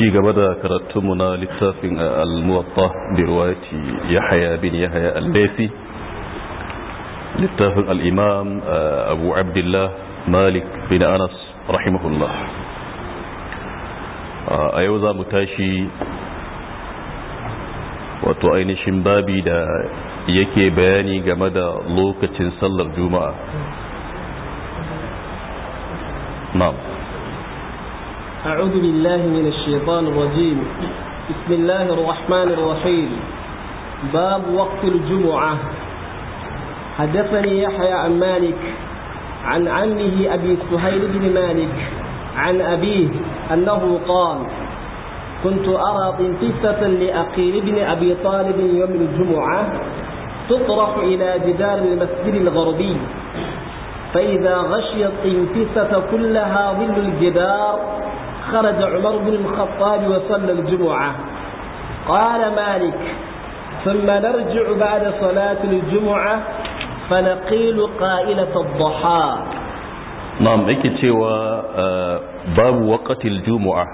ci gaba da karatunmu na littafin al-muwatta bi yahya bin yahya al-laythi littafin al-imam uh, abu abdullah malik bin anas rahimahullah uh, a yau za mu tashi wato ainihin babi da yake bayani game da lokacin sallar juma'a na'am أعوذ بالله من الشيطان الرجيم بسم الله الرحمن الرحيم باب وقت الجمعة حدثني يحيى عن مالك عن عمه أبي سهيل بن مالك عن أبيه أنه قال كنت أرى طنطسة لأقيل بن أبي طالب يوم الجمعة تطرح إلى جدار المسجد الغربي فإذا غشيت طنطسة كلها ظل الجدار خرج عمر بن الخطاب وصلى الجمعة قال مالك ثم نرجع بعد صلاة الجمعة فنقيل قائلة الضحى نعم ايكي تيوى آه، باب وقت الجمعة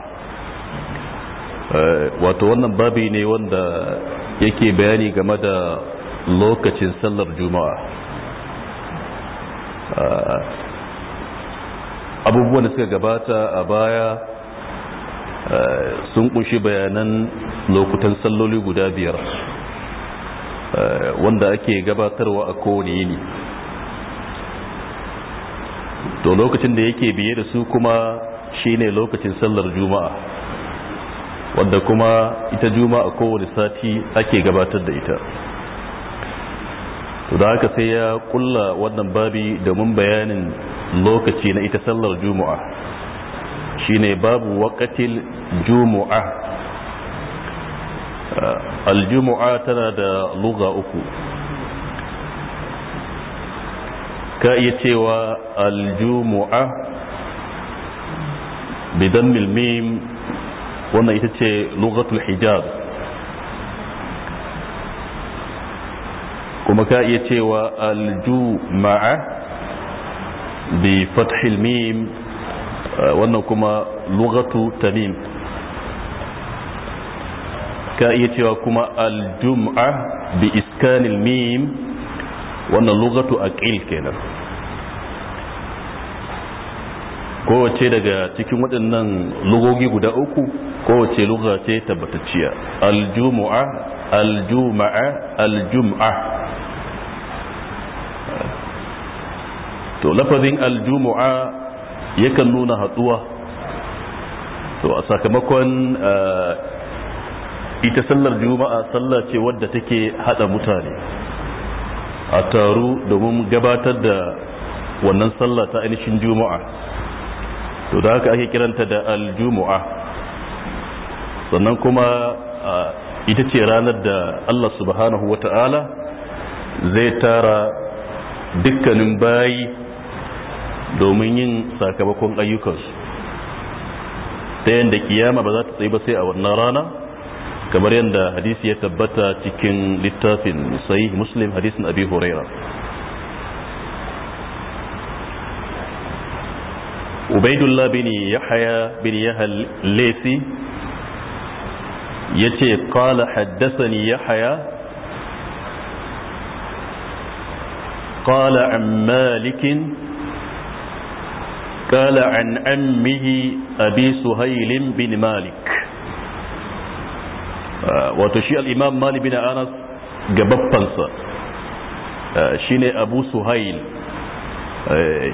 wato آه، بابي نيوان دا wanda yake bayani لوكة صلى الجمعة sallar juma'a abubuwan da suka gabata a baya sun kunshi bayanan lokutan salloli guda biyar wanda ake gabatarwa a kowane yini to lokacin da yake biye da su kuma shine lokacin sallar juma'a wadda kuma ita juma'a kowane sati ake gabatar da ita to da haka sai ya kulla wannan babi domin bayanin lokaci na ita sallar juma'a shine babu wakatil jumu'a aljumu'a tana da luga uku ka iya cewa aljumu'a bidan milmim wannan ita ce lugatul hijab kuma ka iya cewa aljuma'a bi fathil mim wannan kuma lugatu tamim ka iya cewa kuma aljum'a bi iskanil mim wannan lugatu aqil kenan kowace daga cikin waɗannan lugogi guda uku kowace luga ce tabbatacciya aljumu'a aljuma'a aljum'a to lafazin aljumu'a yakan nuna haɗuwa to a sakamakon eh, ita sallar juma'a sallah ce wadda take hada mutane a taru domin gabatar da wannan sallah ta ainihin juma'a to da haka ake kiranta da aljumu'a sannan kuma ita ce ranar da Allah subhanahu wa ta'ala zai tara dukkanin bayi domin yin sakamakon ayyukansu ta yadda kiyama ba za ta tsaye ba sai a wannan rana kamar yadda hadisi ya tabbata cikin littafin sahih muslim hadisin abi huraira ubaidullah bin yahya bin yahal lesi yace qala haddathani yahya qala an malik قال عن أمه أبي سهيل بن مالك wato shi al-imam malik bin anas shi shine abu suhail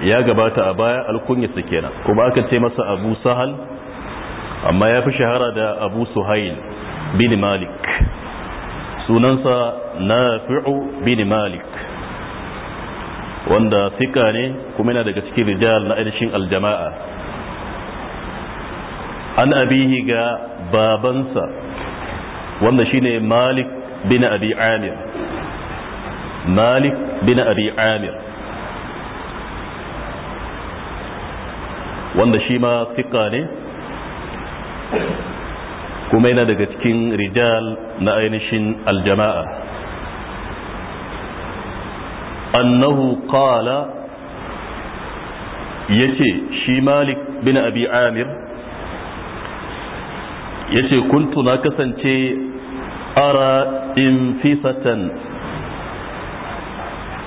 ya gabata a baya alkunyarsa kenan kuma aka ce masa abu sahal amma ya fi shahara da abu suhail bin malik sunansa na fi'u bin malik wanda fika ne kuma yana daga cikin rijal na ainihin aljama'a an abihi ga babansa wanda shine malik bin abi amir malik bin abi amir wanda shi ma fiqa ne kuma yana daga cikin rijal na ainihin aljama'a annahu qala yace shi malik bin abi amir yace kuntu na kasance ara infisatan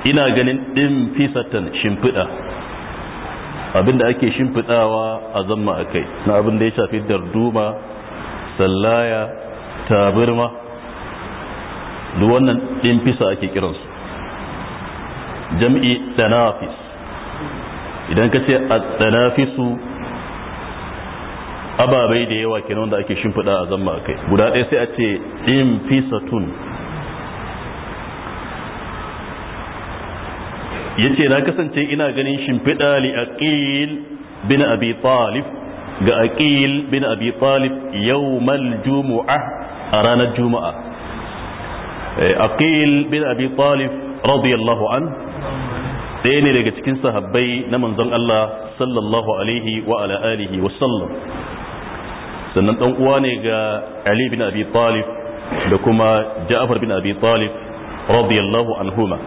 ina ganin fisatan shimfiɗa abinda ake shimfiɗawa a zamma a kai na abin da ya shafi darduma sallaya tabirma duk wannan fisa ake kiransu jam'i tanafis idan ka ce a tanafisu ababai da yawa kenan wanda ake shimfiɗa a zama a kai guda ɗaya sai a ce in fisatun ya ce na kasance ina ganin shimfiɗa li aqil bin abi talib ga aqil bin abi talib yawmal jumu'a a ranar juma'a eh, aqil bin abi talib radiyallahu an ɗaya ne daga cikin sahabbai na manzon Allah sallallahu alaihi wa ala alihi wa sallam sannan ɗan uwa ne ga ali bin abi talib da kuma ja'far bin abi talib radiyallahu anhuma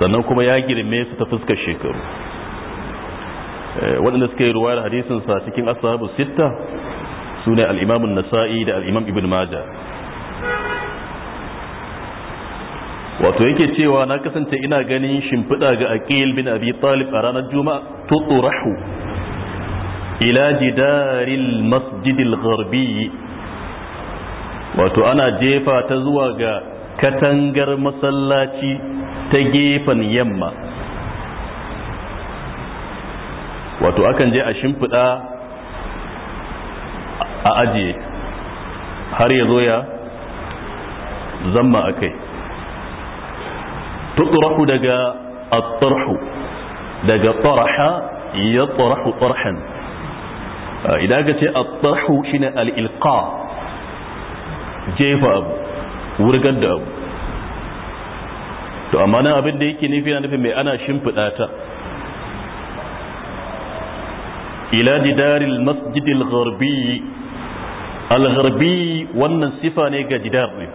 sannan kuma ya girme su ta fuskar shekaru eh, waɗanda suka yi ruwayar hadisin sa cikin ashabu sitta su al-imam nasai da al-imam ibn majah wato yake cewa na kasance ina ganin shimfiɗa ga aqil bin abi talib a ranar juma'a tuturahu ila jidaril masjidil gharbi wato ana jefa ta zuwa ga katangar masallaci ta gefen yamma wato akan je a shimfiɗa a ajiye har ya zo ya zama a kai tuɗurahu daga at daga taraha ya tarahu tarhan idan ka ce a tsarhu shi al-ilqa jefa abu wurgar da abu to amma nan abin da yake nufi na nufi mai ana shimfiɗa ta ila jidaril masjidil gharbi al gharbi wannan sifa ne ga jidar ne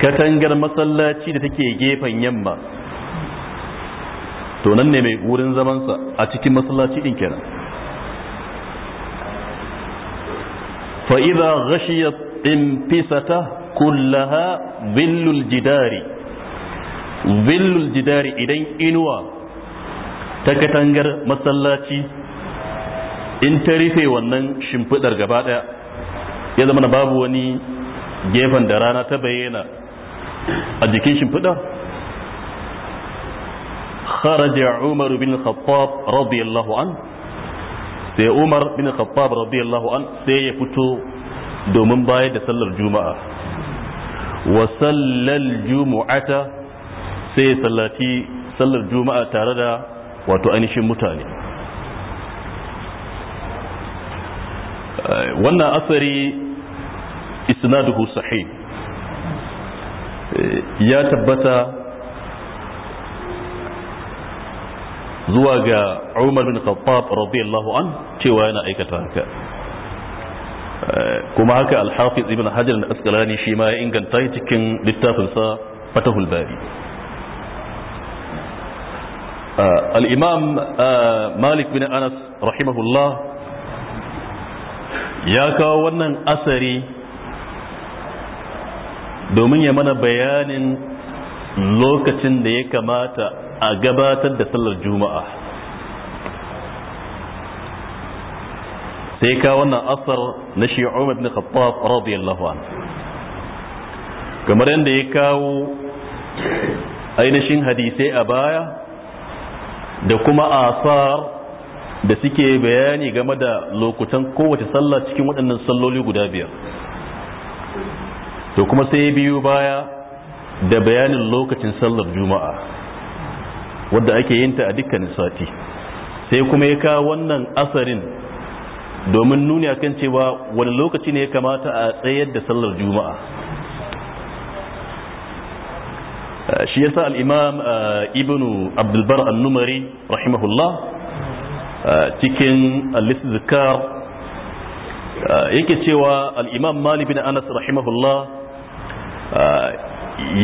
katangar masallaci da take gefen yamma to nan ne mai wurin zamansa a cikin masallaci din kenan fa idza ghashiyat infisata kullaha billul jidari billul jidari idan inuwa ta katangar masallaci in ta rufe wannan shimfidar gaba daya ya zama na babu wani gefen da rana ta bayyana a jikin shimfidar kharaja Umar Umar bin Khattab radiyallahu sai ya fito domin bayar da sallar juma'a wa jumu'ata sai sallati sallar juma'a tare da wato ainihin mutane wannan asari isnaduhu sahih ya tabbata zuwa ga umar bin khattab radiyallahu an cewa yana aikata haka eh, kuma haka al-hafiz ibn hajar al-asqalani shi ma ya inganta cikin littafin sa fatahul bari eh, al-imam eh, malik bin anas rahimahullah ya kawo wannan asari domin ya mana bayanin lokacin da ya kamata a gabatar da sallar juma'a sai ka wannan asar na shi umar bin khattab radiyallahu an kamar yadda ya kawo ainihin hadisai a baya da kuma asar da suke bayani game da lokutan kowace sallah cikin waɗannan salloli guda biyar to kuma sai biyu baya da bayanin lokacin sallar juma'a wadda ake yin ta a dukkanin sati sai kuma ya kawo wannan asarin domin nuni akan cewa wani lokaci ne ya kamata a tsayar da sallar juma'a shi yasa al-imam eh, ibn abdulbar an-numari rahimahullah eh, cikin al zikar eh, yake cewa al-imam malik bin anas rahimahullah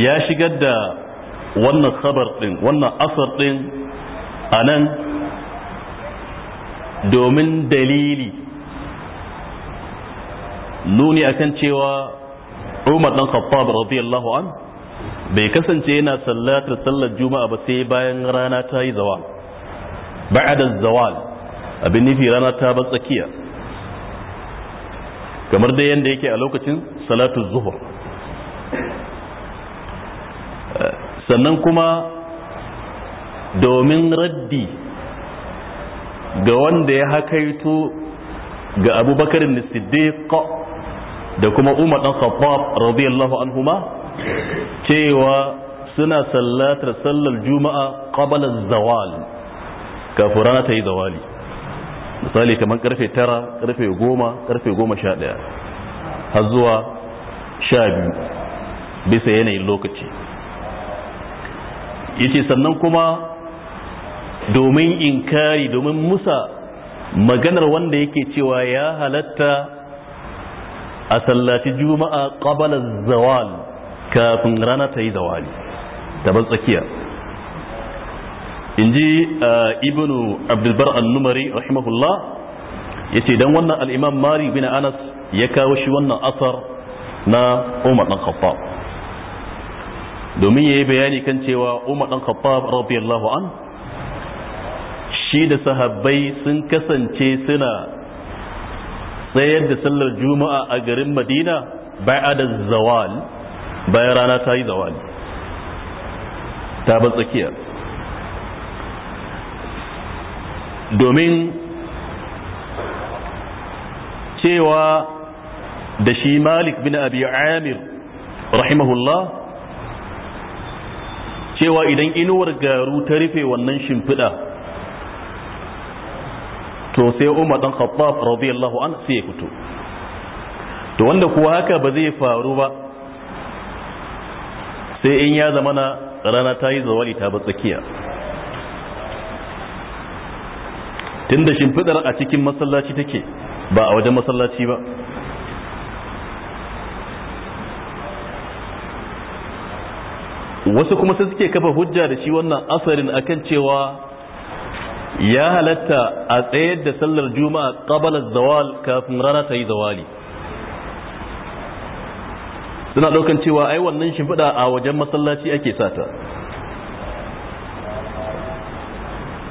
ya shigar da wannan khabar din wannan asar ɗin a nan domin dalili nuni akan cewa umar dan khattab radiyallahu an bai kasance yana sallatar sallar juma'a ba sai bayan rana ta yi zawal ba'da zawal abin nufi rana ta ba tsakiya kamar dai yadda yake a lokacin salatu zuhur sannan kuma domin raddi ga wanda ya hakaito ga abubakar siddiq da kuma umar dan khattab radiyallahu anhuma cewa suna sallatar sallar juma'a qabala zawal kafin rana ta yi zawali misali kamar karfe tara karfe goma karfe goma sha ɗaya har zuwa sha biyu bisa yanayin lokaci yace sannan kuma domin inkari domin musa maganar wanda yake cewa ya halatta a sallaci juma'a qabala zawal kafin rana ta yi zawali daban tsakiya in ji ibnu abdulbar annumari rahimahullah ya ce don wannan al'imam mari bin anas ya kawo shi wannan asar na umar ɗan khattab domin ya yi bayani kan cewa Umar dan Khattab radiyallahu an shi da sahabbai sun kasance suna tsayar da sallar juma'a a garin Madina da zawal bayan rana ta yi zawal ta ba tsakiya domin cewa da shi malik bin abi amir rahimahullah cewa idan inuwar garu ta rufe wannan shimfiɗa to sai umar dan khattab radiyallahu an sai ya fito to wanda kuwa haka ba zai faru ba sai in ya zama na rana ta yi zawali ta tsakiya tunda shimfiɗar a cikin masallaci take ba a wajen masallaci ba wasu kuma sai suke kafa hujja da shi wannan asarin akan cewa ya halatta a tsayar da sallar juma'a kabala zawal kafin rana ta yi zawali suna daukan cewa ai wannan shimfiɗa a wajen masallaci ake sata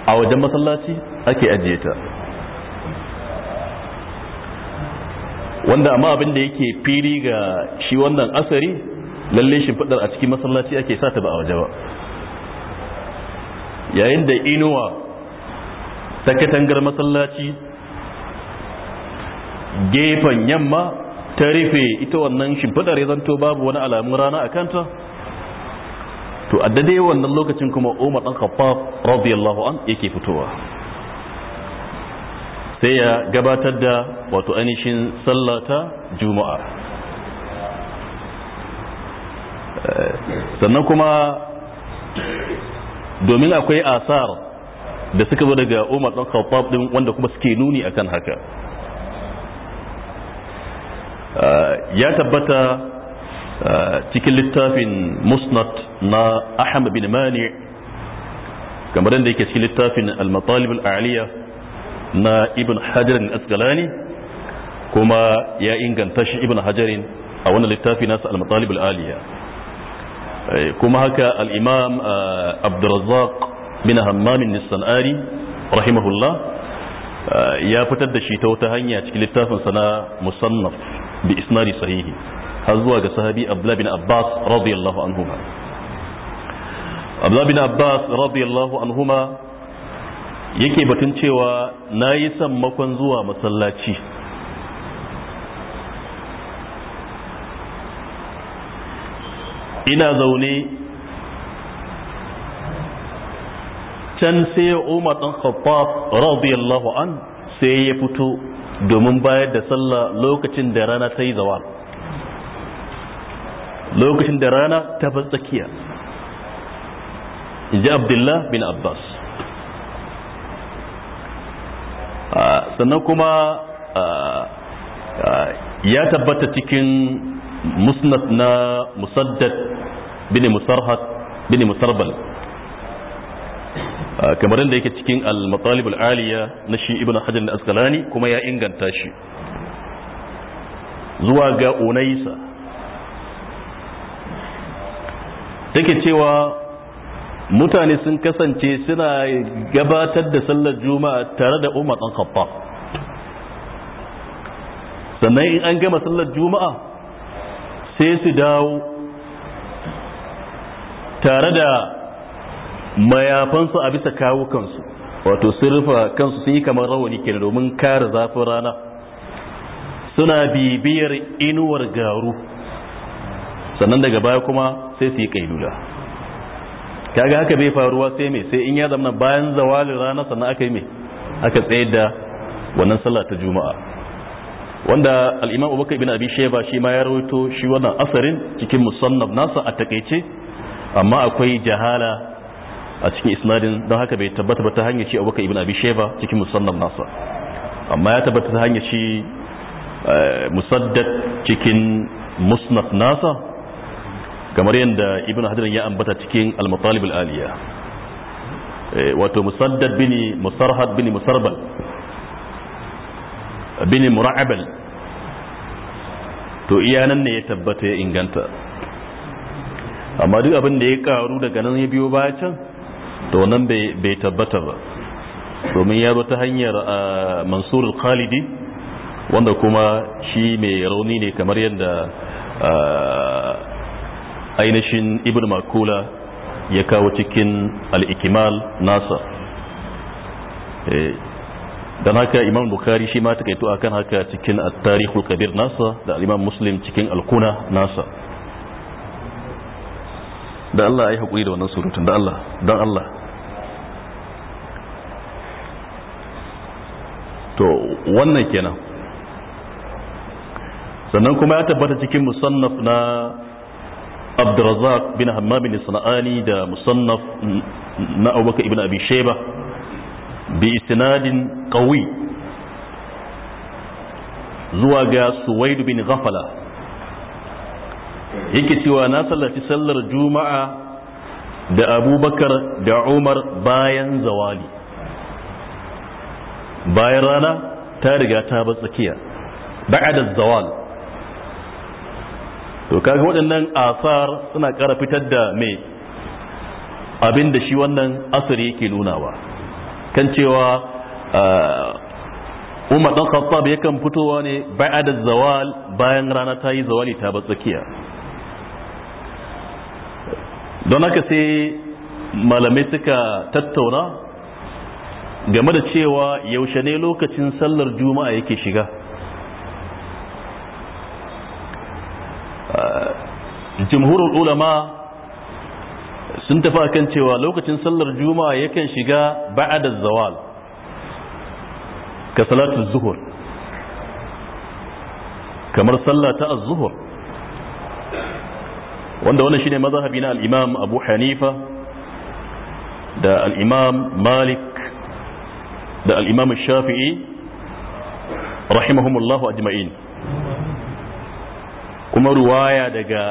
a wajen masallaci ake ajiye ta wanda amma abin da yake fili ga shi wannan asari lalle shimfiɗar a cikin masallaci ake sa ta ba a waje ba yayin da inuwa ta katangar masallaci gefen yamma ta rufe ita wannan shimfiɗar ya zanto babu wani alamun rana a kanta to a dade wannan lokacin kuma umar dan khattab radiyallahu an yake fitowa sai ya gabatar da wato ainihin sallata juma'a sannan kuma domin akwai asar da suka zo daga umar ɗan khattab ɗin wanda kuma suke nuni akan haka eh, ya tabbata eh, cikin littafin musnad na ahmad bin mani kamar da yake cikin littafin al-matalib al-aliya na ibn hajar al kuma ya inganta shi ibn hajarin a wannan littafi nasa al-matalib al-aliya Eh, kuma haka al-imam eh, abdurrazzaq bin hammam nisan'ari rahimahullah eh, ya fitar da shi ta wata hanya cikin littafin sana musannaf bi isnadi sahihi har zuwa ga sahabi abdullah bin abbas radiyallahu anhuma abdullah bin abbas radiyallahu anhuma yake batun cewa na yi sammakon zuwa masallaci ina zaune can sai umar ɗan khattab radiyallahu an sai ya fito domin bayar da sallah lokacin da rana ta yi zawa, lokacin da rana ta bar tsakiya ji abdullah bin abbas ah, sannan kuma ah, ah, ya tabbata cikin musnad na musaddad bin musarhat bin ah, kamar yadda yake cikin al-matalib al-aliya na shi ibn hajar al-asqalani kuma ya inganta shi zuwa ga unaisa take cewa mutane sun kasance suna gabatar da sallar juma'a tare da umar dan khattab sannan in an gama sallar juma'a sai su dawo tare da mayafansu a bisa kawo kansu wato sun rufa kansu sun yi kamar rawani kenan domin kare zafin rana suna bibiyar inuwar garu sannan daga baya kuma sai su yi kailula kaga haka bai faruwa sai mai sai in ya zama bayan zawalin rana sannan aka yi mai aka tsayar da wannan sallah ta juma'a wanda al’imam Abubakar ibn Abi sheba shi ma ya rawaito shi wannan asarin cikin musannaf nasa a takaice amma akwai jahala a cikin isnadin don haka bai tabbata ta hanyar shi Abubakar ibn Abi sheba cikin musannaf nasa amma ya tabbata ta hanyar shi eh, musaddad cikin musnaf nasa kamar yadda ibn hadirin ya ambata cikin al-matalib al-aliya eh, wato musaddad bin musarhad bin musarbal bin mura'abal to iya nan ne ya tabbata ya inganta amma duk abin da ya karu daga nan ya biyo baya can to nan bai tabbata ba domin ya zo ta hanyar mansur khalidi wanda kuma shi mai rauni ne kamar yadda ainihin ibn makula ya kawo cikin al al'ikimal nasa eh, dan haka imam bukari shi ma takaito akan haka cikin at-tarikhul kabir nasa da imam muslim cikin al-kuna nasa da Allah ya yi hakuri da wannan surutun da Allah dan Allah to wannan kenan sannan kuma ya tabbata cikin musannaf na Abdurrazzaq bin Hammam bin Sana'ani da musannaf na Abubakar ibn Abi Shayba bi isnadin qawi zuwa ga suwaid bin ghafala yake cewa na sallaci sallar juma'a da abubakar da umar bayan zawali bayan rana ta riga ta ba tsakiya ba'da zawal to kaga waɗannan asar suna ƙara fitar da mai abin da shi wannan asari yake nunawa kan cewa uh, umar dan khattab yakan fitowa ne da zawal bayan rana ta yi zawali ta tsakiya don haka sai malamai suka tattauna game da cewa yaushe ne lokacin sallar juma'a yake shiga uh, jimhurin ulama sun tafi akan cewa lokacin sallar juma'a yakan shiga ba'da zawal ka salatu zuhur kamar sallah ta az-zuhur wanda wannan shine mazhabi na al-imam Abu Hanifa da al-imam Malik da al-imam Shafi'i rahimahumullahu ajma'in kuma ruwaya daga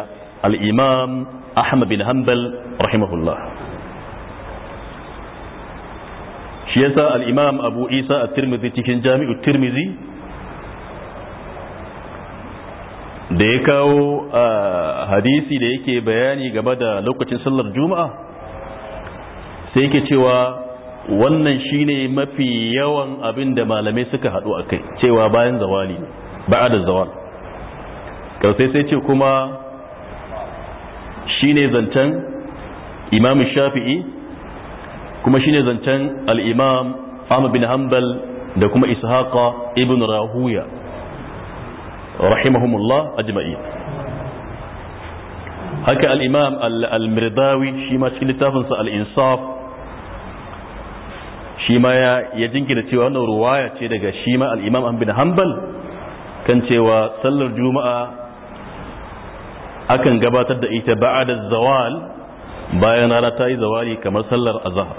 al-imam Ahmad bin Hanbal rahimahullah shi yasa al-imam abu isa a tirmizi cikin jami'u tirmizi da ya kawo hadisi da yake bayani gaba da lokacin sallar juma'a sai yake cewa wannan shine mafi yawan abin da malamai suka haɗu a kai cewa bayan zawali ba'a da zawal karsai sai ce kuma shine zancen imam shafi'i kuma shine zancen al-imam ahmad bin hanbal da kuma ishaqa ibn rahuya rahimahumullah ajma'in haka al-imam al-mirdawi shi ma cikin littafinsa al-insaf shi ma ya jingina cewa wannan ruwaya ce daga shi ma al-imam ahmad bin hanbal kan cewa sallar juma'a akan gabatar da ita ba'da zawal bayan rana ta yi zawari kamar sallar azahar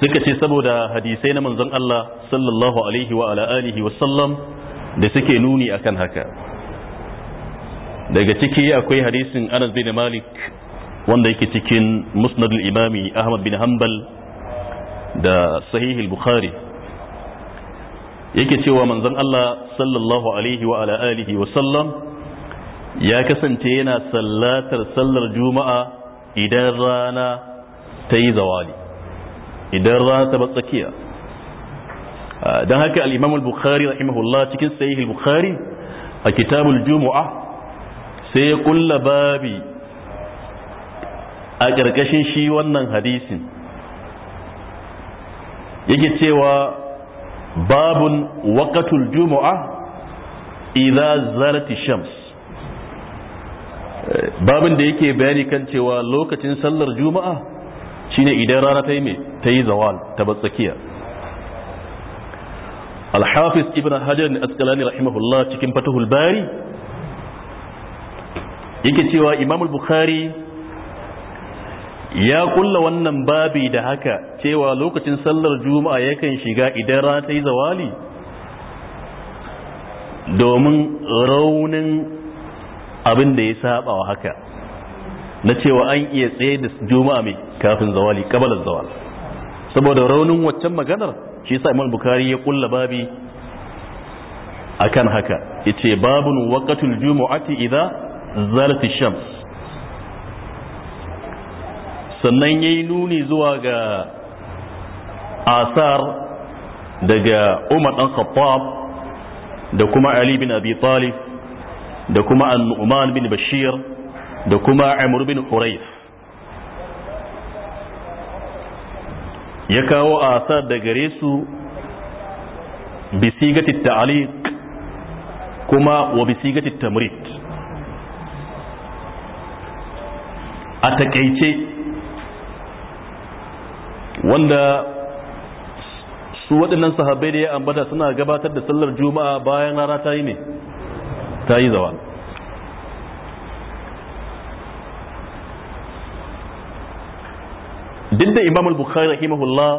suka ce saboda hadisai na manzon Allah sallallahu alaihi wa ala alihi wa sallam da suke nuni akan haka daga ciki akwai hadisin Anas bin Malik wanda yake cikin Musnad imami Ahmad bin Hanbal da Sahih bukhari yake cewa manzon Allah sallallahu alaihi wa ala alihi wa sallam ya kasance yana sallatar sallar juma'a idan rana ta yi zawali idan rana ta batsakiya don haka al-imam al-bukhari rahimahullah cikin sahih al-bukhari a kitabul juma'a sai ya kulla babi a ƙarƙashin shi wannan hadisin yake cewa babun wakatul juma'a idza zalati shams eh, babin da yake bayani kan cewa lokacin sallar juma'a shine idan rana ta yi mai ta yi zawal ta batsakiya al-hafiz ibn hajar ne askalani rahimahullah cikin fatahul bari yake cewa imam bukhari ya kulla wannan babi da haka cewa lokacin sallar juma'a yakan shiga idan rana ta yi zawali domin raunin abin da ya saba wa haka na cewa an iya tsaye da juma'a mai kafin zawali kabalar zawal saboda raunin waccan maganar shi sa imam bukari ya kulla babi akan haka yace babun wakatul juma'ati idza zalati shams sannan ya yi nuni zuwa ga asar daga umar ɗan khattab da kuma ali bin abi talib da kuma annu'man bin bashir da kuma amur bin hurayf ya kawo asar da gare su bisigati ta'aliq kuma wa bisigati tamrid a takaice wanda su waɗannan sahabbai da ya ambata suna gabatar da sallar juma'a bayan rana ta yi ne ta yi zawa duk da imam al-bukhari rahimahullah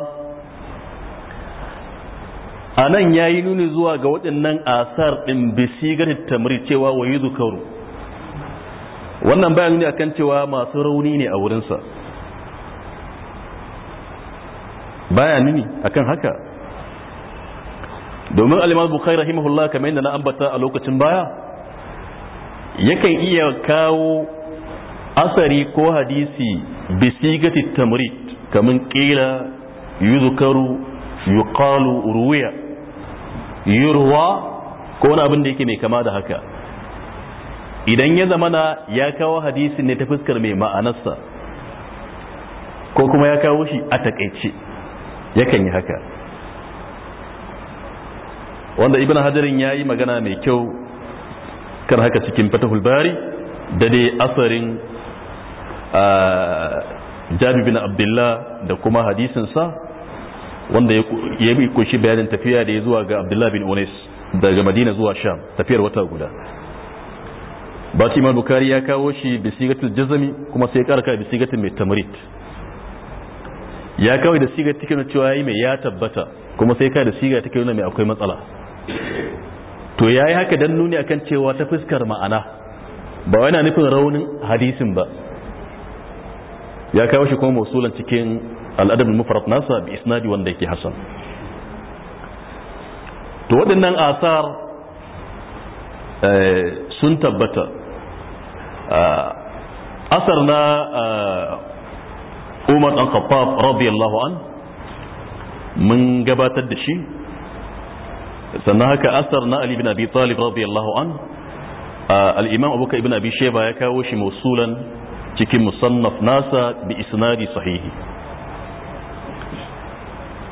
a nan ya yi nuni zuwa ga waɗannan asar ɗin gani tamri cewa wa yi zukaru wannan bayan ne akan cewa masu rauni ne a wurinsa baya nini akan haka domin alimar bukai rahimahullah kamar yadda na ambata a lokacin baya yakan iya kawo asari ko hadisi bisigati tamrid kamar kila yuzukaru yuqalu ruwiya yurwa ko wani abin da yake mai kama da haka idan ya zamana ya kawo hadisi ne ta fuskar mai ma'anarsa ko kuma ya kawo shi a takaice yakan yi haka wanda ibn hadarin ya yi magana mai kyau kan haka cikin fatahul bari da dai asarin jabi bin abdullah da kuma hadisinsa wanda ya yi kunshi bayanin tafiya da ya zuwa ga abdullah bin unis daga madina zuwa sham tafiyar wata guda ba ma bukari ya kawo shi bisigatul jazami kuma sai ya karka bisigatul mai tamarit. ya kawai da siga take nuna cewa yayi mai ya tabbata kuma sai ka da siga take nuna mai akwai matsala to yayi haka dan nuni akan cewa ta fuskar ma'ana ba wai nufin raunin hadisin ba ya kawo shi kuma mausulan cikin al'adab al-mufrad nasa bi isnadi wanda yake hasan to waɗannan asar eh, sun tabbata ah, asar na ah, umar dan khattab radiyallahu an mun gabatar da shi sannan haka asar na ali bin abi talib radiyallahu an al-imam abuka ibn abi sheba ya kawo shi mausulan cikin musannaf nasa bi isnadi sahihi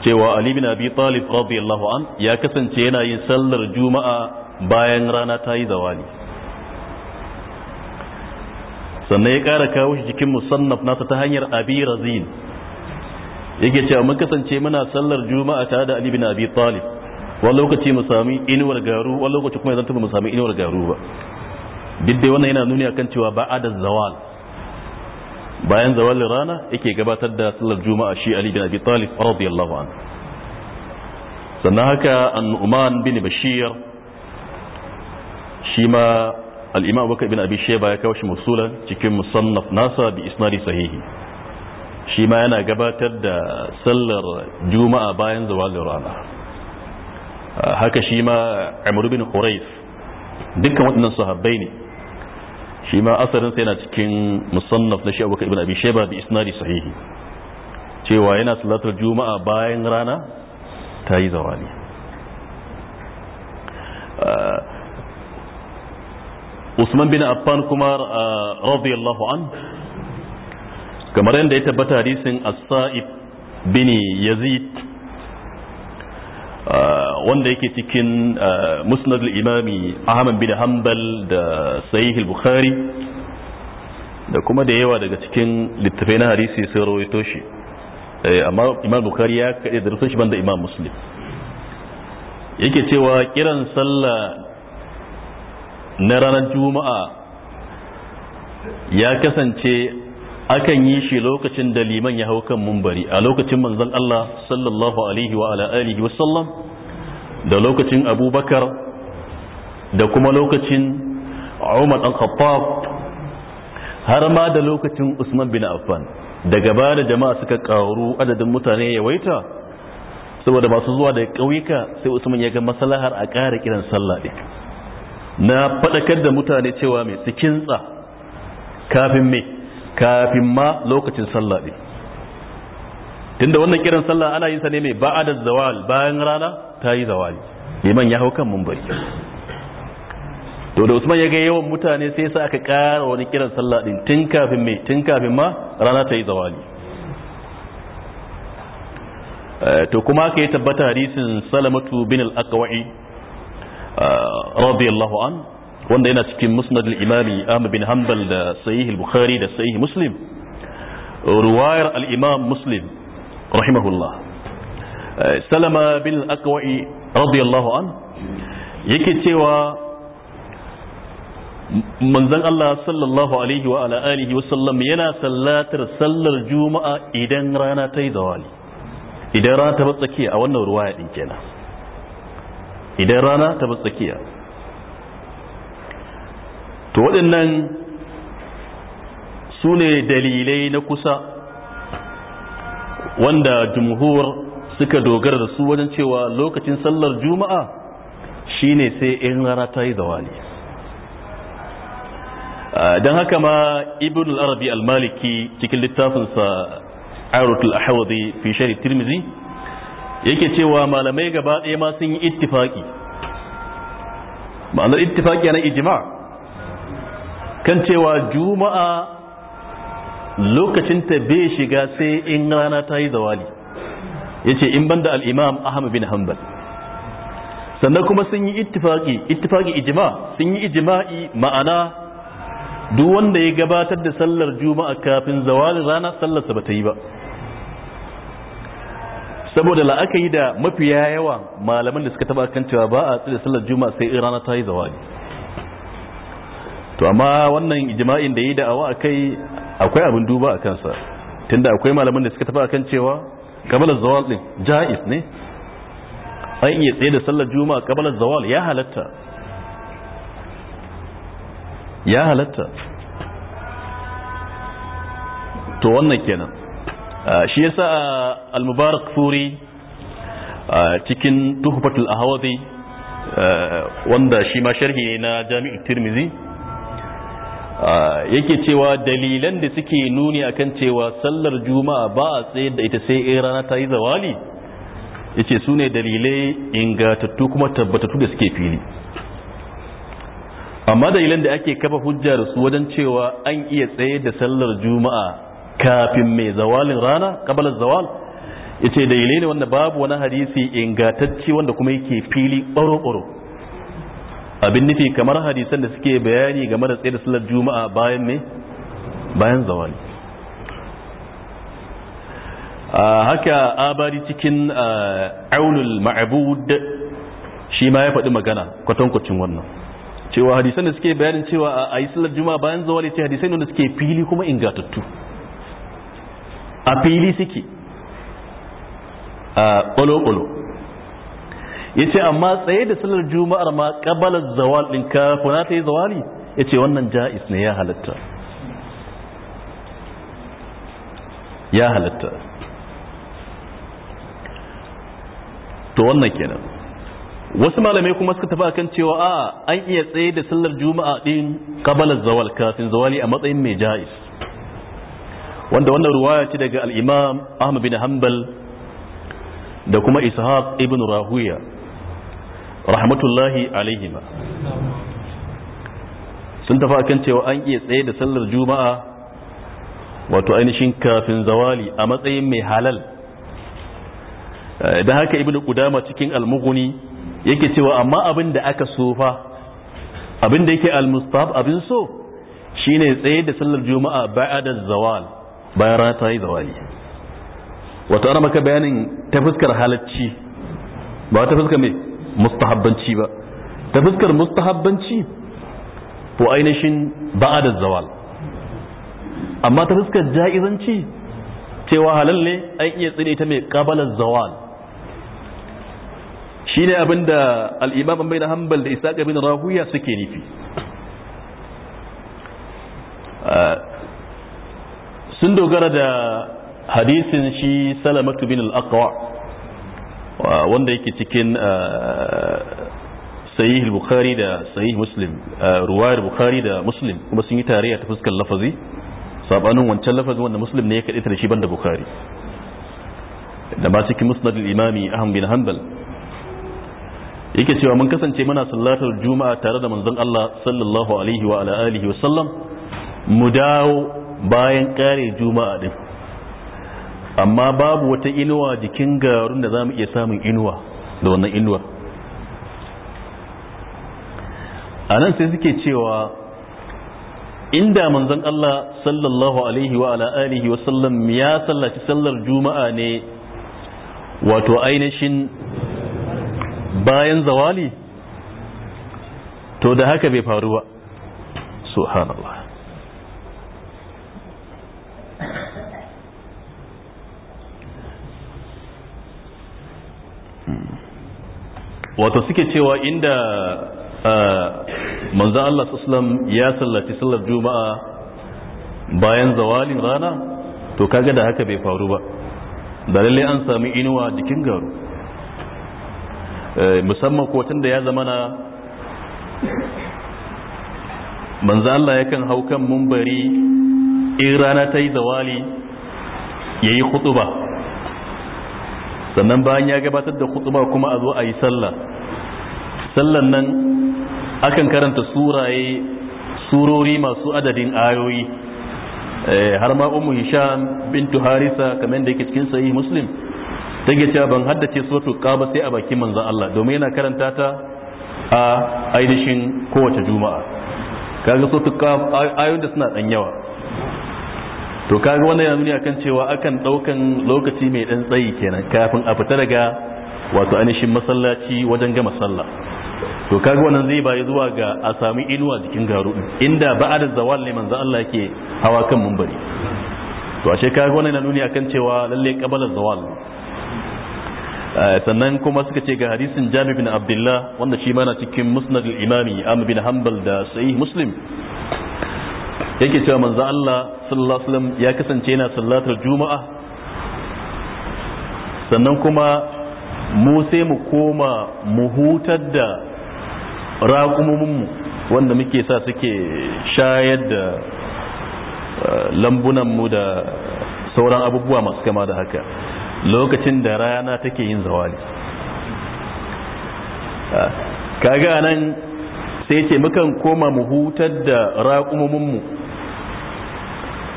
cewa ali bin abi talib radiyallahu an ya kasance yana yin sallar juma'a bayan rana ta yi zawali sannan ya ƙara kawo shi cikin musannaf nasa ta hanyar abi razin yake cewa mun kasance muna sallar juma'a tare da ali bin abi talib wani lokaci mu sami inuwar garu wani lokaci kuma ya zanta mu sami inuwar garu ba duk dai wannan yana nuni akan cewa ba da zawal bayan zawal rana yake gabatar da sallar juma'a shi ali bin abi talib radiyallahu anhu sannan haka an bin bashir shi ma al-imam bakar ibn abi shayba ya kawo shi musulan cikin musannaf nasa bi isnadi sahihi shi ma yana gabatar da sallar juma'a bayan zawalin rana haka shi ma amr bin qurayf dukkan waɗannan sahabbai ne shi ma asarin sa yana cikin musannaf na shi bakar ibn abi shayba bi isnadi sahihi cewa yana salatar juma'a bayan rana ta yi zawali usman bin affan kuma ah, radiyallahu an kamar yadda ya tabbata hadisin as-sa'ib bin yazid ah, wanda yake cikin ah, musnad al-imami ahmad bin hanbal da sahih al-bukhari da kuma da yawa daga cikin littafai na hadisi sai rawaito shi eh, amma imam bukhari ya kaɗe da rusun shi banda imam muslim yake cewa kiran sallah na ranar juma'a ya kasance akan yi shi lokacin da liman ya hau kan mumbari a lokacin manzan Allah sallallahu alaihi wa alihi wa sallam da lokacin abubakar da kuma lokacin umar al khattab har ma da lokacin usman bin affan daga baya da jama'a suka karu adadin mutane ya waita saboda masu zuwa da ƙauyuka sai usman ya ga masalahar a ƙara kiran sallah ɗin na faɗakar da mutane cewa mai su tsa kafin me kafin ma lokacin sallah ɗin tunda wannan kiran sallah ana yin sa ne mai ba'a da zawal bayan rana ta yi zawali liman ya hau kan mumbari to da usman ya ga yawan mutane sai sa aka ƙara wani kiran sallah ɗin tun kafin me tun kafin ma rana ta yi zawali eh, to kuma aka yi tabbata hadisin salamatu bin al-aqwa'i wanda yana cikin musnad al-imami Ahmad bin Hanbal da sahih al-Bukhari da sahih Muslim Salama bin al-Aqwa'i yake cewa manzon Allah sallallahu alaihi wa ala alihi wa sallam yana sallatar sallar juma'a idan rana ta yi zawali idan rana ta tsakiya a wannan ruwaya din kenan idan rana ta tsakiya to waɗannan su ne dalilai na kusa wanda jumhur suka dogara da su wajen cewa lokacin sallar juma'a shine sai in rana ta yi zawali don haka ma ibn al-arabi al-maliki cikin littafinsa arutul ahawadi fi shari tirmizi yake cewa malamai gaba ɗaya ma sun yi ittifaki ma'anar ittifaki na ijima kan cewa juma'a lokacinta bai shiga sai in rana ta yi zawali ya ce in banda al'imam ahmad bin hanbal sannan kuma sun yi ittifaki ittifaki ijima sun yi ijima'i ma'ana duk wanda ya gabatar da sallar juma'a kafin zawalin rana sallarsa ba ta yi ba saboda la aka yi da mafiya yawa malaman da suka taba kan cewa ba a tsira sallar juma'a sai in rana ta yi zawali to amma wannan ijma'in da yi da awa akai akwai abin duba a kansa tunda akwai malaman da suka taba kan cewa kamar zawal din ja'iz ne an iya tsaye da sallar juma'a kamar zawal ya halatta ya halatta to wannan kenan shi yasa al almubarak furi cikin tuhfatul ahwazi wanda shi ma sharhi ne na jami'in tirmizi yake cewa dalilan da suke nuni akan cewa sallar juma'a ba a tsaye da ita sai in rana ta yi zawali yace su ne dalilai ingatattu kuma tabbatattu da suke fili amma dalilan da ake kafa hujjar su wajen cewa an iya tsaye da sallar juma'a kafin mai zawalin rana kabalar zawal yace dalilai ne wanda babu wani hadisi ingantacce wanda kuma yake fili ɓaro-ɓaro abin nufi kamar hadisan da suke bayani game da tsaye da sallar juma'a bayan me bayan zawali haka abari cikin aulul ma'abud shi ma ya faɗi magana kwatankwacin wannan cewa hadisan da suke bayanin cewa a yi sallar juma'a bayan zawali ce hadisan da suke fili kuma ingatattu a fili suke a ƙwalo-ƙwalo ya ce amma tsaye da salar juma'ar ma ƙabalar zawal ɗin kafuna ta yi zawali ya ce wannan ja'is ne ya halatta ya halatta to wannan kenan wasu malamai kuma suka tafi akan cewa a an iya tsaye da sallar juma'a ɗin ƙabalar zawal kafin zawali a matsayin mai ja'is wanda wannan ruwaya ce daga alimam Ahmad bin Hanbal da kuma Ishaq ibn Rahuya rahmatullahi alaihima sun tafi akan cewa an iya tsaye da sallar juma'a wato ainihin kafin zawali a matsayin mai halal Idan eh, haka ibn kudama cikin al yake cewa amma abin da aka sofa abin da yake al abin so shine tsaye da sallar juma'a da zawal bayan rana ta yi zawali wato ana maka bayanin ta fuskar halacci ba ta fuskar mai mustahabbanci ba ta fuskar mustahabbanci ko ainihin ba'a da zawal amma ta fuskar ja'izanci cewa halal ne an iya tsire ta mai kabalar zawal shi ne abin da bai da hambal da isa ƙabin rahuya suke nufi sun dogara da hadisin shi salamatu bin al-aqwa wanda yake cikin uh, sayi bukhari da sayi muslim uh, ruwayar bukhari da muslim kuma sun yi tarayya ta fuskar lafazi sabanin wancan lafazin wanda muslim ne ya kaɗe da shi banda bukhari da ba cikin musnad imami ahmad bin hanbal yake cewa mun kasance muna sallatar juma'a tare da manzon Allah sallallahu alaihi wa alihi wa sallam mu dawo bayan ƙare juma'a din amma babu wata inuwa jikin garun da za mu iya samun inuwa da wannan inuwa a nan sai suke cewa inda manzon Allah sallallahu alaihi wa ala'alihi wa sallam ya sallaci sallar juma'a ne wato ainihin bayan zawali to da haka bai faru ba subhanallah wato suke cewa inda uh, manzo Allah sallam ya sallaci sallar juma'a bayan zawalin rana to kaga da haka bai faru ba da lalle an sami inuwa jikin garu eh, musamman ko da ya zama na manzo Allah yakan hau kan mumbari in rana ta yi zawali ya yayi ba. sannan bayan ya gabatar da khutba kuma a zo a yi sallah sallan nan akan karanta suraye surori masu adadin ayoyi eh, har ma ummu hisham bintu harisa kamar da yake cikin sahih muslim take cewa ban haddace suratul qaba sai a bakin manzo Allah domin yana karanta ta a ainihin kowace juma'a kaga suratul qaba ayoyin da suna dan yawa to kaga wannan yana nuni akan cewa akan daukan lokaci mai dan tsayi kenan kafin a fita daga wato anishin masallaci wajen gama sallah to kaga wannan zai bayi zuwa ga a sami inuwa jikin garu inda ba a da zawal ne manzo Allah yake hawa kan mumbari to ashe kaga wannan yana nuni akan cewa lalle kabalar zawal eh, sannan kuma suka ce ga hadisin Jami bin Abdullah wanda shi ma na cikin Musnad al-Imami Ahmad bin Hanbal da Sahih Muslim yake cewa manzo Allah sallallahu alaihi wasallam ya kasance yana sallatar juma'a sannan kuma mu sai mu koma mu hutar da mu wanda muke sa suke shayar da eh, lambunan mu da sauran abubuwa masu kama da haka lokacin da rana take yin zawali ah, kaga nan sai ce mukan koma mu hutar da mu.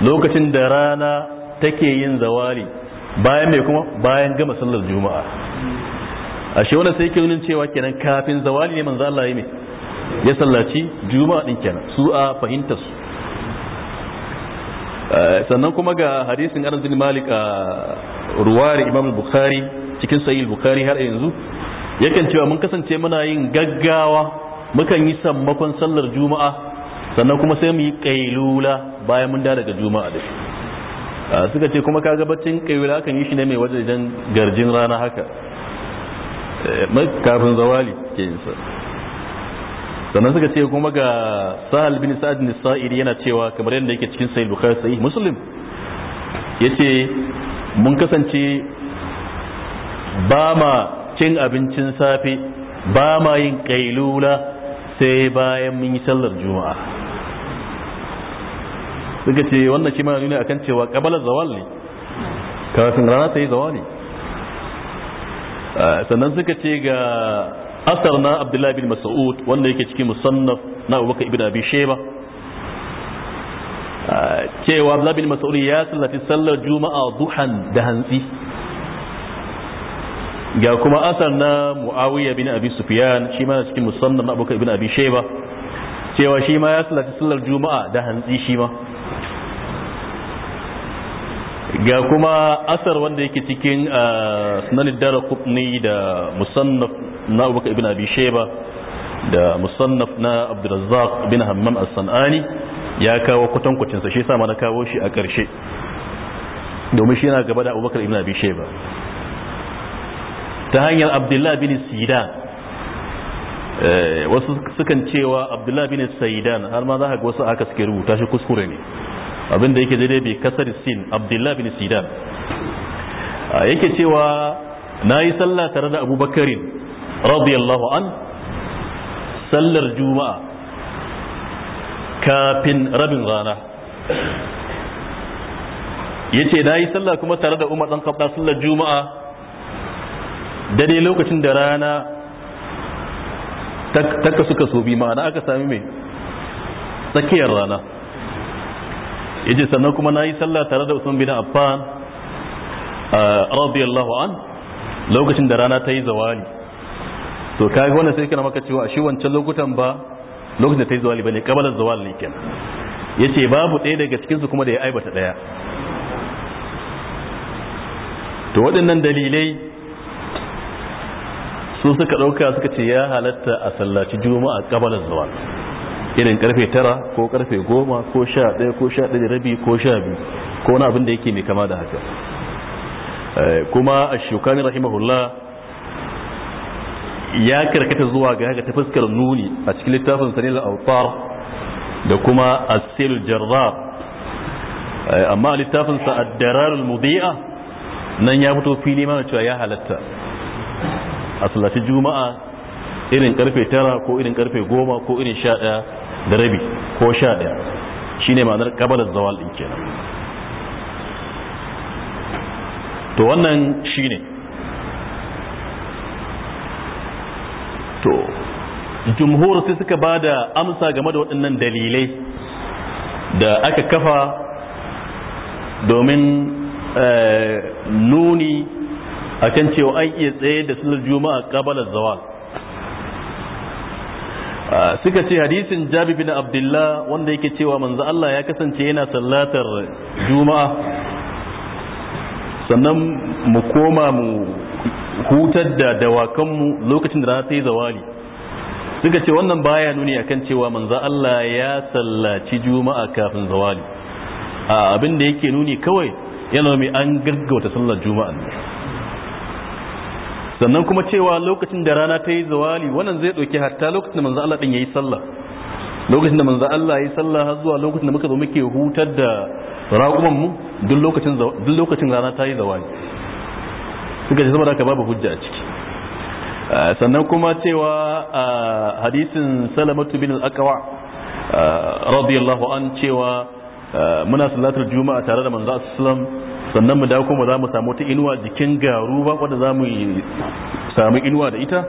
lokacin da rana take yin zawali bayan mai kuma bayan gama sallar juma'a shi wannan sai ke nunin cewa kenan kafin zawali ne manzo Allah ya mai ya sallaci juma'a din kenan su a fahimtar su eh, sannan kuma ga hadisin Anas bin Malik a ruwari Imam Bukhari cikin Sahih Bukhari har yanzu yakan cewa mun kasance muna yin gaggawa mukan yi sammakon sallar juma'a sannan kuma sai mu yi kailula bayan mun da daga juma'a da suka ce kuma kaga baccin kailula kan yi shi ne mai wajen garjin rana haka eh, kafin zawali ke yin sa sannan suka ce kuma ga sahal bin sa'ad bin sa'id yana cewa kamar yadda yake cikin sahih bukhari sahih muslim yace mun kasance ba ma cin abincin safe ba ma yin kailula sai bayan mun yi sallar juma'a suka ce wannan shi mana nuna a kan cewa kabalar zawal ne kafin rana ta yi ne ah, sannan suka ce ga asar na abdullahi bin mas'ud wanda yake cikin musannaf na abubakar ibn abi sheba ah, cewa abdullahi bin mas'ud ya sallafi sallar juma'a duhan da hantsi ga kuma asar na muawiya bin abi sufiyan shi ma cikin musannaf na abubakar ibn abi sheba cewa shi ma ya sallafi sallar juma'a da hantsi shi ma ga kuma asar wanda yake cikin uh, sunan dara kubni da musannaf na abubakar ibn abi sheba da musannaf na abdulrazzaq bin hammam as-sanani ya kawo kwatankwacin sa shi yasa mana kawo shi a ƙarshe domin shi yana gaba da abubakar ibn abi sheba ta hanyar abdullah bin sidan eh, wasu sukan cewa abdullah bin saidan har ma za ka wasu aka suke rubuta shi kuskure ne abinda yake daidai bai kasar sin Abdullahi bin sidan yake cewa na yi sallah tare da abubakarin radiyallahu an sallar juma'a kafin rabin rana ya ce na yi sallah kuma tare da umar ɗan kaɓa sallar juma'a dai lokacin da rana ta kasu kaso bi ma'ana aka sami mai tsakiyar rana yace sannan kuma nayi sallah tare da Usman bin Affan radiyallahu an lokacin da rana ta yi zawali to kai wannan sai kana maka cewa shi wancan lokutan ba lokacin da ta yi zawali bane kabalar zawal ne kenan yace babu ɗaya daga cikin su kuma da ya aibata ɗaya to waɗannan dalilai su suka ɗauka suka ce ya halatta a sallaci juma'a kabalar zawal irin karfe tara ko karfe goma ko sha ɗaya ko sha ɗaya rabi ko sha biyu ko wani abin da yake mai kama da haka eh, kuma a shukani rahimahullah ya karkata zuwa ga haka ta fuskar nuni a cikin littafin sanil autar da kuma asil jarrar eh, amma littafin sa ad-darar al-mudi'a nan ya fito fili mana cewa ya halatta a salatu juma'a irin karfe tara ko irin karfe goma ko irin sha ɗaya da rabi ko sha ɗaya shine ma'anar kabalar zawal ɗin kenan to wannan shine to jumhur sai suka ba da amsa game da waɗannan dalilai da aka kafa domin eh, nuni a kan cewa an iya tsaye da sunar juma'a ƙabalar zawal Ah, suka ce hadisin jabi bin abdullah wanda yake cewa manzo Allah ya kasance yana sallatar juma'a sannan mu koma mu hutar da dawakanmu lokacin da rana ta yi zawali suka ce wannan baya nuni akan cewa manzo Allah ya sallaci juma'a kafin zawali A'a ah, abin da yake nuni kawai yana mai an gaggauta sallar juma'a sannan kuma cewa lokacin da rana ta yi zawali wannan zai ɗauki hatta lokacin da manzo Allah din yayi sallah lokacin da manzo Allah yayi sallah har zuwa lokacin da muka zo muke hutar da raguman mu duk lokacin duk lokacin rana ta yi zawali suka ji saboda ka babu hujja a ciki ah, sannan kuma cewa ah, hadisin salamatu bin al-aqwa ah, radiyallahu an cewa muna salatar juma'a tare da manzo sallallahu alaihi wasallam sannan mu dawo kuma za mu samu ta inuwa jikin garu ba wanda za mu samu inuwa da ita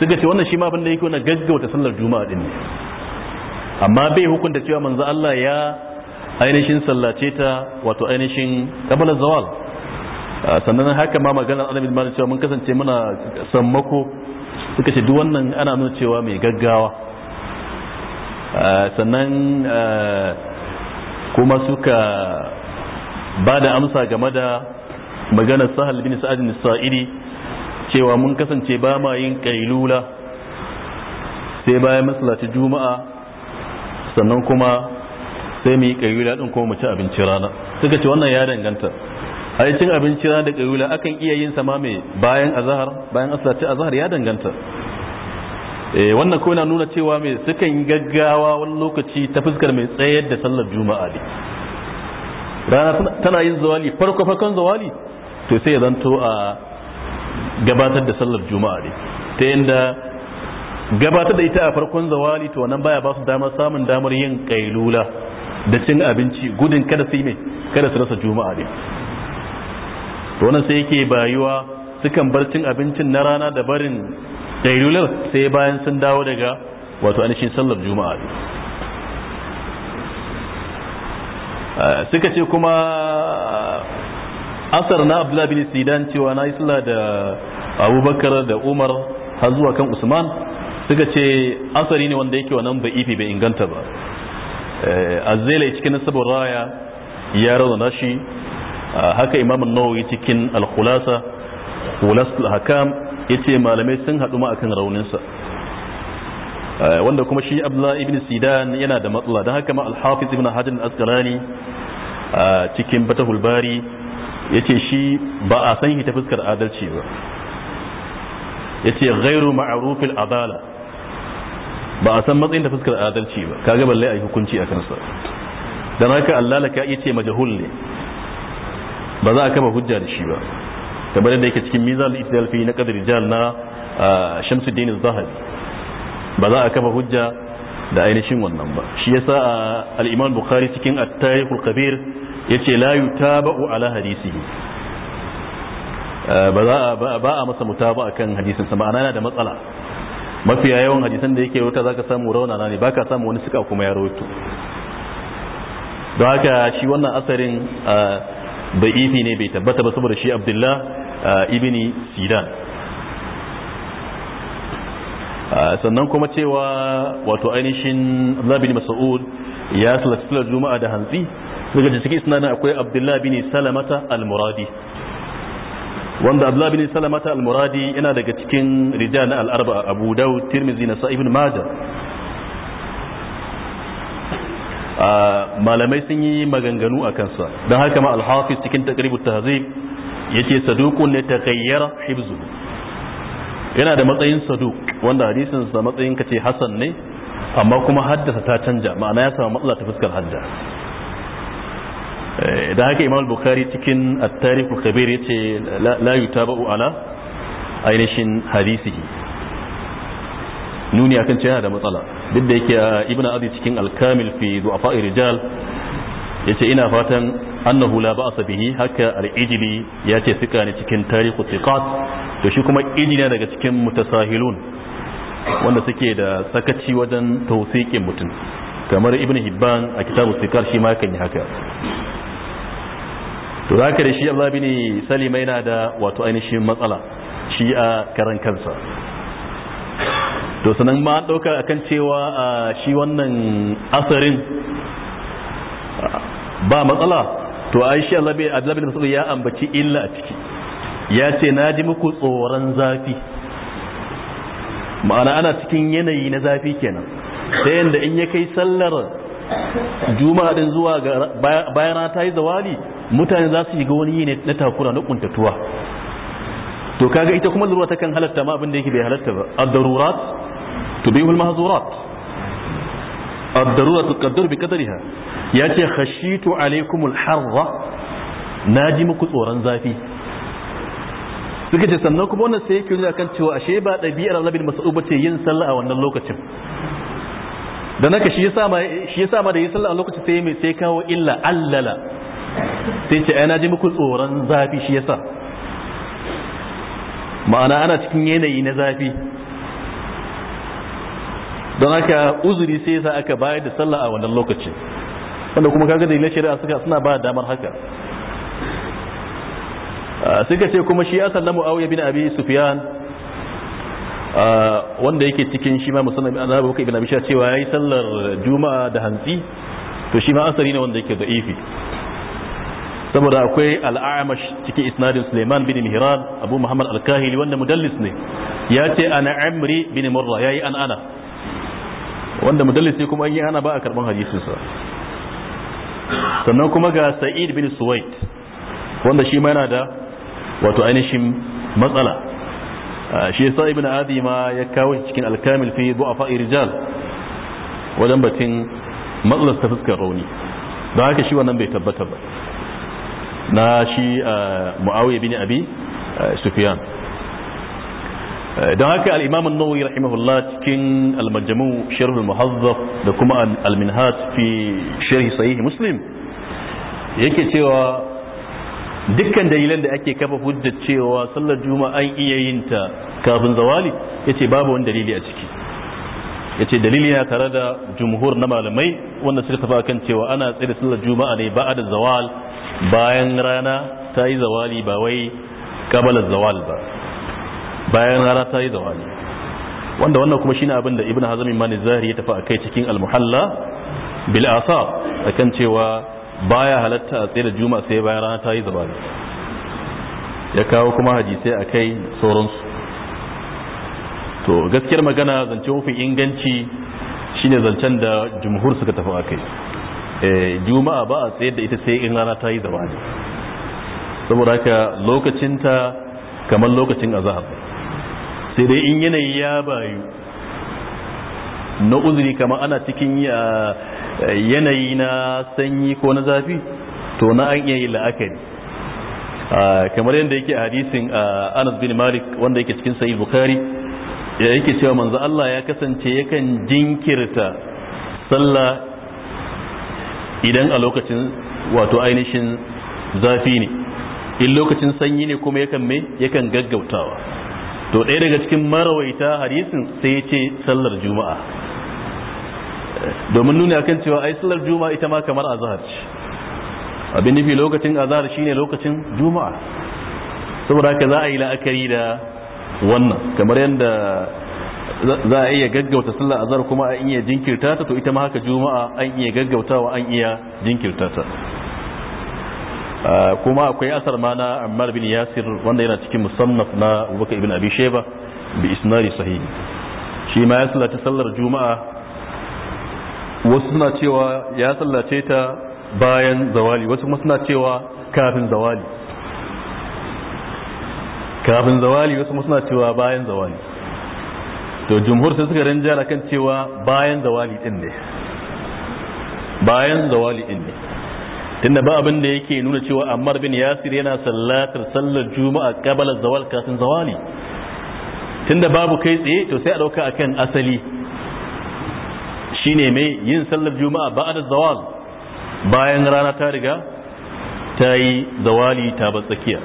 ga ce wannan shi ma abin da yake wani gaggauta sallar juma'a din ne amma bai hukunta cewa manzo Allah ya ainihin sallace ta wato ainihin kabala zawal sannan haka ma maganar annabi malik cewa mun kasance muna sammako suka ce duk wannan ana nuna cewa mai gaggawa sannan eh, kuma suka ba da amsa game da maganar sahal bin sa'ad bin sa'idi cewa mun kasance ba ma yin kailula sai bayan masallaci juma'a sannan kuma sai mu yi kailula din kuma mu ci abinci rana suka ce wannan ya danganta ai cin abinci rana da kailula akan iya yin sama mai bayan azhar bayan asallaci azhar ya danganta eh, wannan ko na nuna cewa mai sukan gaggawa wani lokaci ta fuskar mai tsayar da sallar juma'a ne rana tana yin zawali farko farkon zawali to sai ya zanto a gabatar da sallar juma'a ne ta yadda gabatar da ita a farkon zawali to nan baya ba su damar samun damar yin kailula da cin abinci gudun kada su yi kada su rasa juma'a ne to wannan sai yake bayuwa sukan bar cin abincin na rana da barin kailular sai bayan sun dawo daga wato ainihin sallar juma'a Eh, suka ce kuma eh, asar na abdullahi sidan cewa na isla da abubakar da umar har zuwa kan usman suka ce asari ne wanda yake wannan ba ifi bai inganta ba eh, A zela cikin nasabar raya ya rauna shi haka imamun nawawi cikin al-khulasa wulasul hakam yace malamai sun haɗu ma akan rauninsa Eh, wanda kuma shi abdullahi ibn sidan yana da matsala don haka ma al-hafiz ibn hajar al-asqalani eh, cikin batahul bari yace shi ba a san shi ta fuskar adalci ba ya yace ghairu ma'rufil adala ba a san matsayin ta fuskar adalci ba ka kaga balle ai hukunci a kansa dan haka Allah laka yace majhul ne ba za a kama hujja da shi ba kamar da yake cikin mizal itidal fi na qadr rijal na eh, shamsuddin az-zahabi ba za a kafa hujja da ainihin wannan ba shi yasa al-Imam Bukhari cikin at-Tarikh ya kabir yace ta ba'u ala hadisihi ba za a masa mutaba akan hadisin ma'ana yana da matsala mafiya yawan hadisan da yake wuta zaka samu raunana ne baka samu wani suka kuma ya rawaito don haka shi wannan asarin ifi ne bai tabbata ba saboda shi Abdullah ibni Sidan Ah, sannan kuma cewa wato ainihin Abdullah bin Mas'ud ya salatu sallar juma'a da hantsi daga cikin isnadin akwai Abdullahi bin Salamata al-Muradi wanda Abdullahi bin Salamata al-Muradi yana daga cikin rijal al a Abu dau tirmizi na sa'ibin maja ah, malamai sun yi maganganu a kansa don haka ma alhafiz hafiz cikin taqribut tahzib yake saduqun ne ta taghayyara hibzu yana da matsayin saduq wanda hadisin sa matsayin ka ce hasan ne amma kuma haddasa ta canja ma'ana ya samu matsala ta fuskar hadda eh, da haka imam bukhari cikin at-tarikh kabir yace la yutaba'u ala ainihin hadisihi nuni akan cewa da matsala duk da yake eh, ibnu abi cikin al-kamil fi du'afa rijal yace ina fatan annahu la ba'sa bihi haka al-ijli yace sika ne cikin tarihu thiqat to shi kuma ijli daga cikin mutasahilun wanda suke da sakaci wajen tausikin mutum kamar ibn hibban a kitabu sikar shi ma kan yi haka to za ka da shi Allah ne salima yana da wato ainihin matsala shi a karan kansa to sanan ma dauka kan cewa shi wannan asarin ba matsala to yi shi Allah bi ya ambaci illa a ciki ya ce na ji muku tsoron zafi ma'ana ana cikin yanayi na zafi kenan ta yadda in ya kai sallar juma'a din zuwa ga bayan ta yi zawali mutane za su shiga wani yi na takura na kuntatuwa to kaga ita kuma lura ta kan halatta ma abin da yake bai halatta ba ad-darurat tubihul mahzurat ad-darurat kaddar bi qadariha yace khashitu alaykumul harra naji muku tsoron zafi suka ce sannan kuma wannan sai yake yi kan cewa ashe ba ɗabi'ar rabin masu ba ce yin sallah a wannan lokacin Da naka shi ya sama ma da yin sallah a lokacin sai mai sai kawo illa allala sai ce ai na ji muku tsoron zafi shi yasa ma'ana ana cikin yanayi na zafi don haka uzuri sai yasa aka bayar da sallah a wannan lokacin wanda kuma kaga da shari'a suka suna ba damar haka Ah, suka ce kuma shi ya sallamu auya bin abi sufyan ah, wanda yake cikin shi ma musamman an zaba ibn abi cewa yayi sallar juma'a da hantsi to shi ma asali ne wanda yake ifi saboda akwai al'amash cikin isnadin suleiman bin mihran abu muhammad al-kahili wanda mudallis ne ya ce ana amri bin murra yayi an ana wanda mudallis ne kuma an yi ana ba a karban hadisinsa sannan kuma ga sa'id bin suwaid wanda shi ma yana da wato ainihin matsala shi yasa ibn adi ma ya kawo cikin alkamil fi du'afa irjal wajen batin matsalar ta fuskar rauni don haka shi wannan bai tabbata ba na shi muawiya bin abi sufyan don haka al-imam an-nawawi rahimahullah cikin al-majmu' sharh al-muhazzaf da kuma al-minhaj fi sharh sahih muslim yake cewa dukkan dalilan da ake kafa hujjar cewa sallar juma'a an iya yin ta kafin zawali yace babu wani dalili a ciki yace dalili na tare da jumhur na malamai wanda suka tafi kan cewa ana tsaye da sallar juma'a ne ba da zawal bayan rana ta yi zawali ba wai kabala zawal ba bayan rana ta yi zawali wanda wannan kuma shine abin da ibnu hazm imam zahiri ya tafi akai cikin al-muhalla bil asar akan cewa baya halatta a tsaye da juma'a sai bayan rana ta yi zabari ya kawo kuma hadisai a kai sauransu to gaskiyar magana zance mafi inganci shine zancen da jumhur suka tafi a kai eh, juma'a ba a tsaye da ita sai in rana ta yi zabari saboda haka lokacinta kamar lokacin azahar sai dai in yanayi ya bayu na uzuri kamar ana cikin yanayi na sanyi ko na zafi to na an iya yi la'akari kamar yadda yake hadisin anas bin malik wanda yake cikin sahih bukhari ya yake cewa manzo Allah ya kasance yakan jinkirta sallah idan a lokacin wato ainihin zafi ne in lokacin sanyi ne kuma yakan me yakan gaggautawa to ɗaya daga cikin marawaita hadisin sai ya ce sallar juma'a domin nuna kan cewa ai sallar juma'a ita ma kamar azhar ce abin nufi lokacin azhar shine lokacin juma'a saboda haka za a yi la'akari da wannan kamar yadda za a iya gaggauta sallar azhar kuma a iya jinkirta ta to ita ma haka juma'a an iya gaggautawa an iya jinkirta ta kuma akwai asar ma na Ammar bin Yasir wanda yana cikin musannaf na Abubakar ibn Abi Shayba bi isnari sahihi shi ma ya sallata sallar juma'a wasu suna cewa ya sallace ta bayan zawali wasu kuma suna cewa kafin zawali kafin zawali wasu kuma suna cewa bayan zawali to jumhur sai suka rinjara kan cewa bayan zawali din ne bayan zawali din ne tunda ba abin da yake nuna cewa Ammar bin Yasir yana sallatar sallar Juma'a qabala zawal kafin zawali tunda babu kai tsaye to sai a dauka akan asali shine mai yin sallar juma'a ba da zawal bayan rana ta riga ta yi zawali ta ba tsakiya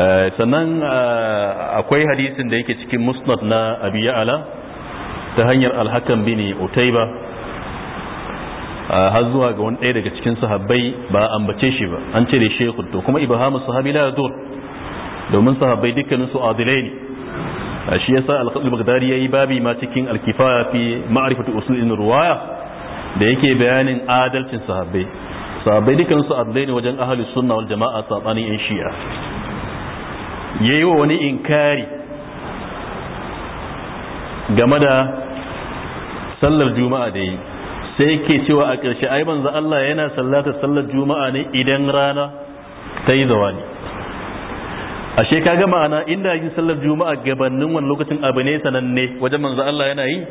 eh, sannan eh, akwai hadisin da yake cikin musnad na abi ya'ala ta hanyar alhakan bin utaiba eh, har zuwa ga wani ɗaya daga cikin sahabbai ba ambace shi ba an cire da shekul to kuma ibhamu sahabi la domin sahabbai dukkanin su adilai ne shi yasa al-qadil baghdadi yayi babi ma cikin al-kifaya fi ma'rifatu usulin ruwaya da yake bayanin adalcin sahabbai sahabbai dukan su adalai ne wajen ahli sunna wal jama'a sabanin yan shi'a yayi wa wani inkari game da sallar juma'a da yi sai yake cewa a ƙarshe ai manzo Allah yana sallata sallar juma'a ne idan rana ta yi zawani ashe ka ga ma'ana inda yin sallar juma'a gabanin wani lokacin abu ne sananne wajen manzo Allah yana yi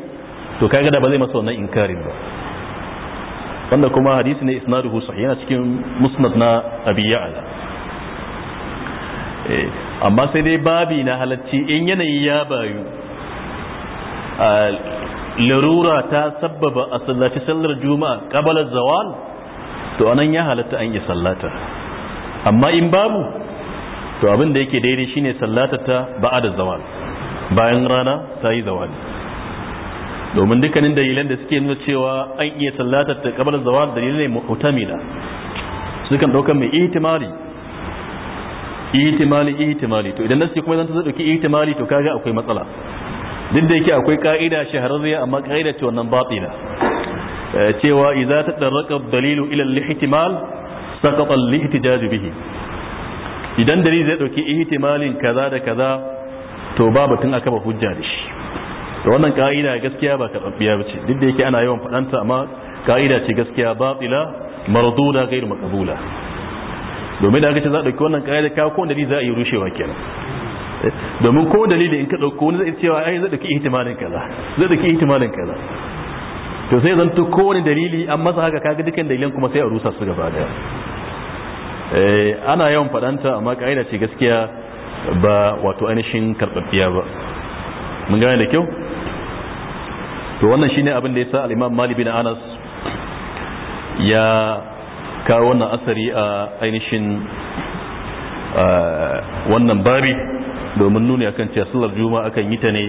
to kaga da ba zai masa wannan inkarin ba wanda kuma hadisi ne isnaduhu sahih yana cikin musnad na abi ya'la eh, amma sai dai babi na halacci in yanayi ya bayu larura ta sabbaba a sallaci sallar juma'a kabalar zawal to anan ya halatta an yi sallata amma in babu to abin da yake daidai shine ba'a da zawal bayan rana ta yi zawali domin dukkanin dalilan da suke nuna cewa an iya sallatata kabar zawal dalilai ne mu'tamila sukan ɗaukar mai ihtimali ihtimali ihtimali to idan nasu kuma zan ta dauki ihtimali to kaga akwai matsala duk da yake akwai ka'ida shahararriya amma ka'ida ce wannan batila eh, cewa idza tadarraqa dalilu ila al-ihtimal saqata al-ihtijaj bihi idan dalili zai dauki ihtimalin kaza da kaza to ba batun aka ba hujja da shi to wannan ka'ida gaskiya ba karɓaɓɓiya ba ce duk da yake ana yawan faɗanta amma ka'ida ce gaskiya batila marduda ghairu maqbula domin da aka ce za a ɗauki wannan ka'ida ka ko dalili za a yi rushewa kenan domin ko dalili in ka ɗauko wani zai cewa ai zai ɗauki ihtimalin kaza zai ɗauki ihtimalin kaza to sai zan to kowane dalili an masa haka kaga dukkan dalilan kuma sai a rusa su gaba daya Eh, ana yawan faɗanta amma kaida ce gaskiya ba wato ainihin karɓaɓɓiya ba mun gane da kyau to wannan shine abin da ya sa al-imam malik bin anas ya kawo wannan asari a ainihin wannan babi domin nuni akan cewa sallar juma'a akan yi ta ne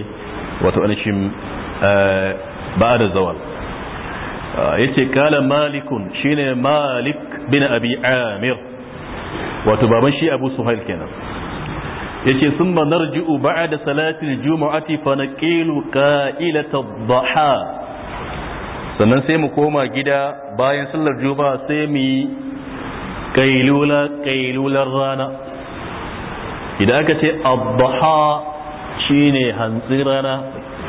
wato ainihin ba da zawal yace kala malikun shine malik bin abi amir wato baban shi abu suhail kenan yace sun ba narji'u ba'da salatil juma'ati fa naqilu qa'ilata dhaha sannan sai mu koma gida bayan sallar juma'a sai mu yi kailula rana idan aka ce adha shine hantsi rana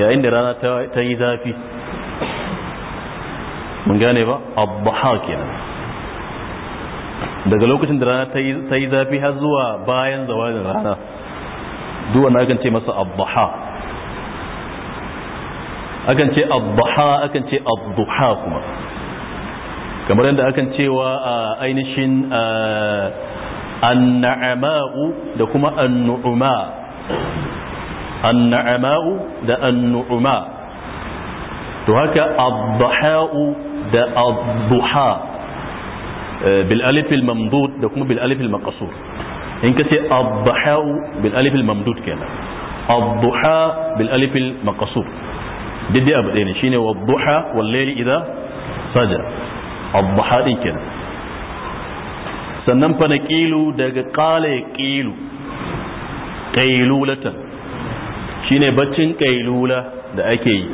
yayin da rana ta yi zafi mun gane ba adha kenan daga lokacin da rana ta yi zafi har zuwa bayan zawalin rana duwa na akan ce masa abbaha akan ce abbaha akan ce abduha kuma kamar yadda akan cewa a ainihin anna'ama'u da kuma annu'uma anna'ama'u da annu'uma to haka abbaha'u da abduha Eh, bil alifil mamdud da kuma bil alifil maqsur in ka ce abduha bil alifil mamdud kenan abduha bil alifil maqsur didi abu ɗaya ne shine wadduha wal layli idza saja abduha din kenan sannan fa naqilu daga qala yaqilu qailulatan shine baccin qailula da ake yi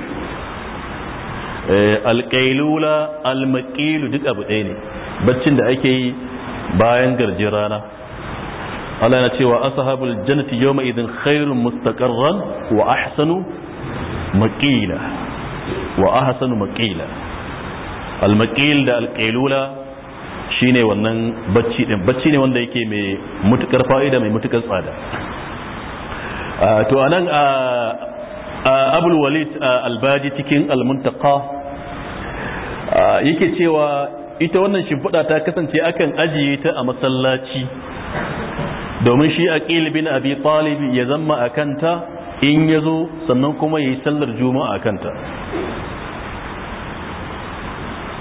eh, alƙailula almaƙilu duk abu ɗaya ne baccin da ake yi bayan garje rana Allah yana cewa ashabul jannati yawma idin khairun mustaqarran wa ahsanu maqila wa ahsanu maqila al maqil da al qailula shine wannan bacci din bacci ne wanda yake mai mutukar fa'ida mai mutukar tsada to anan abul walid albaji cikin al-muntaqa yake cewa ita wannan shimfiɗa ta kasance akan ajiye ta a masallaci domin shi a bin abi talib ya zama a kanta in ya zo sannan kuma ya yi sallar juma'a a kanta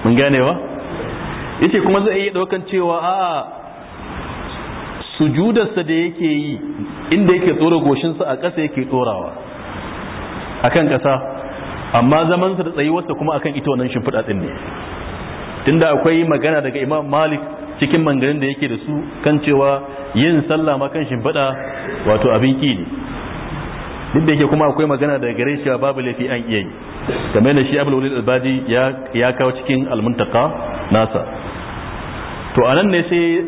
mun gane ba Ita kuma zai iya ɗaukan cewa a'a sujudarsa da yake yi inda yake tsora goshinsa a ƙasa yake tsorawa a kan ƙasa amma zamansa da tsayuwarsa kuma akan ita wannan shimfiɗa ɗin ne tunda akwai magana daga imam malik cikin manganin da yake da su kan cewa yin sallah ma kan shimfiɗa wato abin ki ne duk da yake kuma akwai magana daga gare cewa babu laifi an iya yi kamar da shi abul walid albadi ya kawo cikin almuntaka nasa to a nan ne sai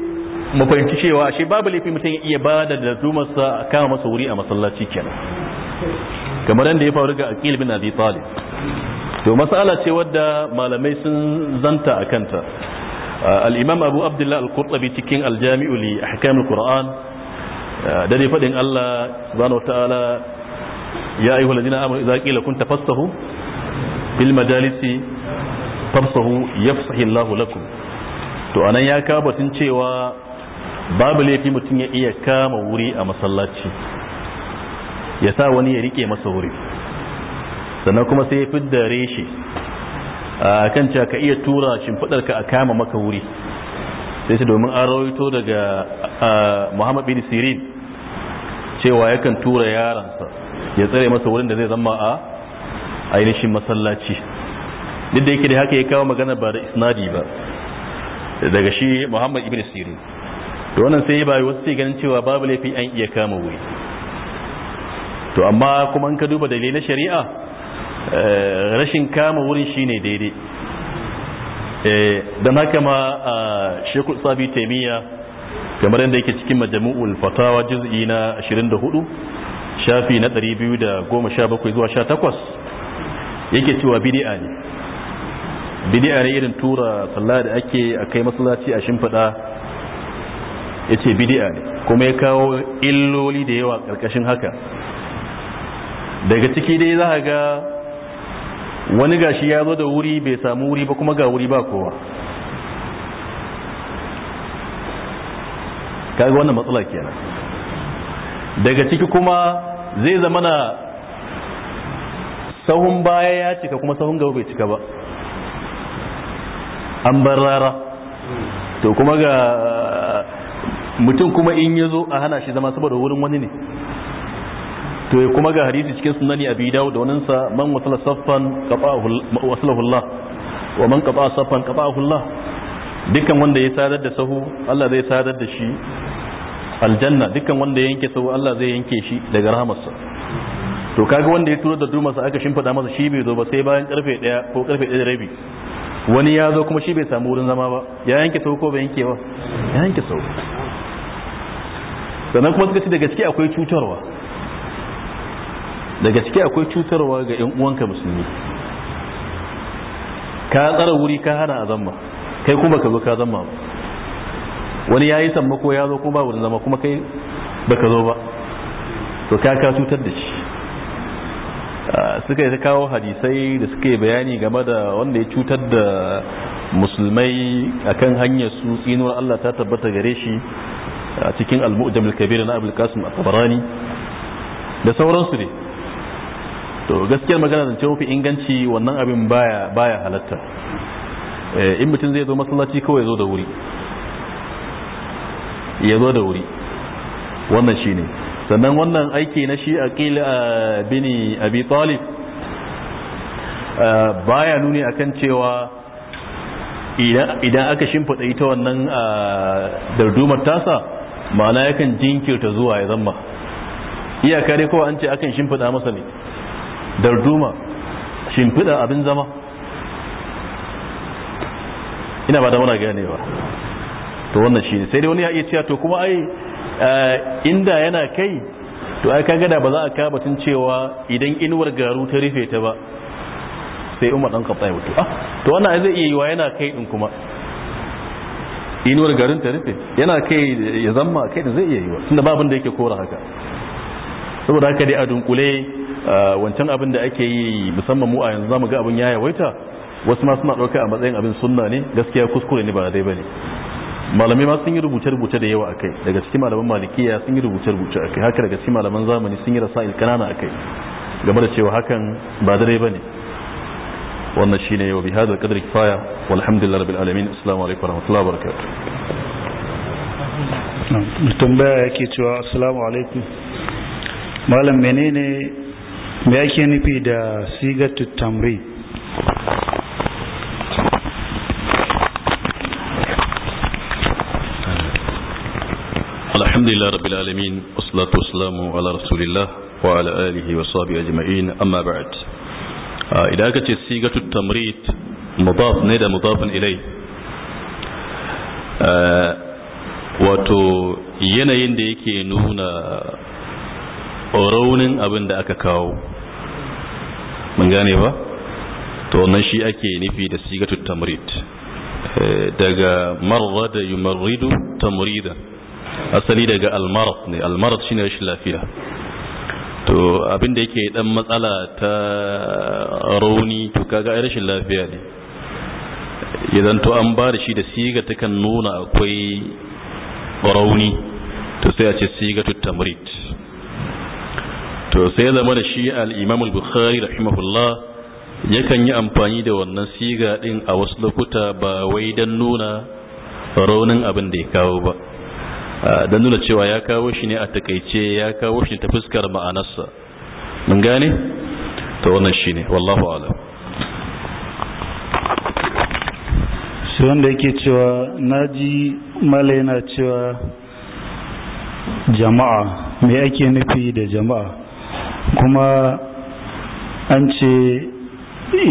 mu fahimci cewa shi babu laifi mutum ya iya ba da a kama masa wuri a masallaci kenan kamar da ya faru ga aqil bin abi talib to matsala ce wadda malamai sun zanta a kanta uh, alimam abu abdullah al cikin al-jami'u li ahkam da dai faɗin Allah subhanahu wa ta'ala ya ayyuhal ladina amanu idza qila kun tafassahu fil majalisi tafsahu yafsahi Allah lakum to anan ya kawo batun cewa babu laifi mutum ya iya kama wuri a masallaci ya sa wani ya rike masa wuri sannan kuma sai ya shi. reshe kan cewa ka iya tura shimfiɗar ka a kama maka wuri sai su domin an rawaito daga muhammad bin sirin cewa yakan tura yaransa ya tsare masa wurin da zai zama a ainihin masallaci duk da yake da haka ya kawo magana ba da isnadi ba daga shi muhammad ibn sirin da wannan sai ya ba wasu sai ganin cewa babu laifi an iya kama wuri to amma kuma in ka duba dalilai na shari'a Eh, rashin kama wurin shine daidai eh, don haka ma a shekul sabi taimiyya kamar yadda yake cikin majamu'ul fatawa juz'i na 24 shafi na 217 zuwa 18 yake cewa bidi'a ne bidi'a ne irin tura sallah da ake a kai masallaci a shimfiɗa ya ce bidi'a ne kuma ya kawo illoli da yawa ƙarƙashin haka daga ciki dai za a ga wani gashi ya zo da wuri bai samu wuri ba kuma ga wuri ba kowa kaga wannan matsala kenan daga ciki kuma zai zama na sahun baya ya cika kuma sahun gaba bai cika ba an bar rara to kuma ga mutum kuma in yazo a hana shi zama saboda wurin wani ne to kuma ga hadisi cikin sunani abi dawud da waninsa man wasala saffan wasalahu Allah wa man qata saffan qata'ahu hula? dukkan wanda ya sadar da sahu Allah zai sadar da shi aljanna dukkan wanda ya yanke sahu Allah zai yanke shi daga rahamarsa to kaga wanda ya turo da dumarsa aka shimfida masa shi bai zo ba sai bayan karfe 1 ko karfe 1 da rabi wani ya zo kuma shi bai samu wurin zama ba ya yanke sau ko bai yanke ba ya yanke sau sannan kuma suka ci da gaske akwai cutarwa daga ciki akwai cutarwa ga 'yan uwanka musulmi ka tsara wuri ka hana a zama kai kuma ka zo ka zama wani ya yi ko ya zo kuma ba zama kuma kai baka zo ba to ka ka cutar da shi suka yi ta kawo hadisai da suka yi bayani game da wanda ya cutar da musulmai akan hanyar su tsinuwar Allah ta tabbata gare shi a cikin al-mu'jam al-kabir na abul Qasim at-Tabarani da sauransu ne to gaskiyar magana zance mafi inganci wannan abin baya halatta eh, in mutum zai zo masallaci kawai zo da wuri ya zo da wuri wannan shine sannan wannan aiki na shi a bini abi talib baya nuni akan cewa idan aka shimfida ita wannan dardumar tasa ma'ana yakan jinkirta zuwa ya zama iyaka dai kawai an ce akan shimfida masa ne darduma shimfiɗa abin zama ina ba da muna ganewa to wannan shi ne sai dai wani ya iya cewa to kuma ai eh, inda yana kai to ai kaga da ba za a ka batun cewa idan inuwar garu ta rufe ta ba sai umar dan kafa ya mutu ah to wannan ai zai iya yiwa yana kai din kuma inuwar garin ta rufe yana kai ya zama kai da zai iya yiwa tunda babin da yake kora haka saboda haka dai a dunkule Ah, wancan abin da ake yi musamman mu a yanzu zamu ga abin ya yawaita wasu ma suna ɗauka a matsayin abin sunna ne gaskiya kuskure ne ba dai bane malamai ma sun yi rubuce-rubuce da yawa akai daga cikin malaman malikiya sun yi rubuce-rubuce akai haka daga cikin malaman zamani sun yi rasa'il kanana akai game da cewa hakan ba dare bane wannan shine yau bi hadal qadri kifaya walhamdulillahi rabbil alamin assalamu alaikum warahmatullahi wabarakatuh tambaya yake cewa assalamu alaikum malam menene me yake nufi da sigatu tamri alhamdulillah rabbil alamin wassalatu wassalamu ala rasulillah wa ala alihi wa sahbihi ajma'in amma ba'd idan aka ce sigatu tamrid mudaf ne da mudafin ilai wato yanayin da yake nuna raunin abin da aka kawo mun gane ba to wannan shi ake nufi da sigatu tamrid eh, daga marrada yumarridu tamrida asali daga almarad ne almarad shine rashin lafiya to abin da yake dan matsala ta rauni to kaga ai rashin lafiya ne idan to an ba da shi da siga takan nuna akwai rauni to sai a ce sigatu tamrid to sai zama da shi al-imam al-bukhari rahimahullah yakan yi amfani da wannan siga din a wasu lokuta ba wai dan nuna raunin abin da ya kawo ba dan nuna cewa ya kawo shi ne a takaice ya kawo shi ta fuskar ma'anarsa mun gane to wannan shi ne wallahu a'lam sai wanda yake cewa naji mala yana cewa jama'a me ake nufi da jama'a kuma an ce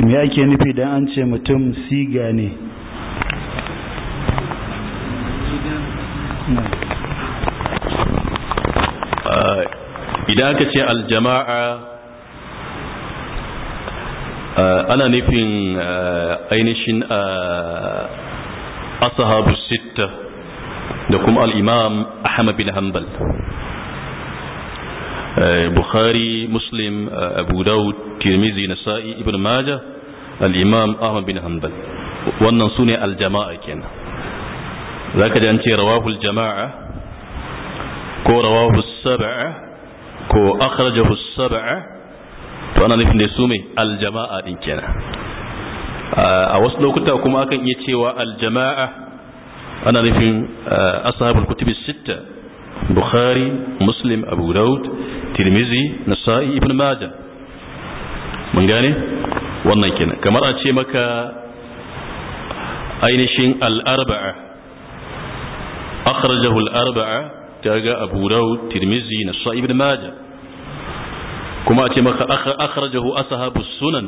me ake nufi don an ce mutum siga ne eh, idan aka ce aljama'a eh, ana nufin eh, ainihin ashabu sita da kuma al'imam ahmad bin hanbal Eh, bukhari muslim eh, abu daud tirmizi nasa'i ibn majah al-imam ahmad bin hanbal wannan su ne aljama'a kenan za ka an ce rawahul jama'a ko rawahul saba'a ko akhrajahu saba'a to ana nufin da su mai aljama'a din kenan eh, a wasu lokuta kuma akan iya cewa aljama'a ana nufin ashabul kutubi sitta bukhari muslim abu daud tirmizi nasa'i ibn maja mun gane wannan kamar a ce maka ainihin al'arba'a abu ibn kuma a ce maka sunan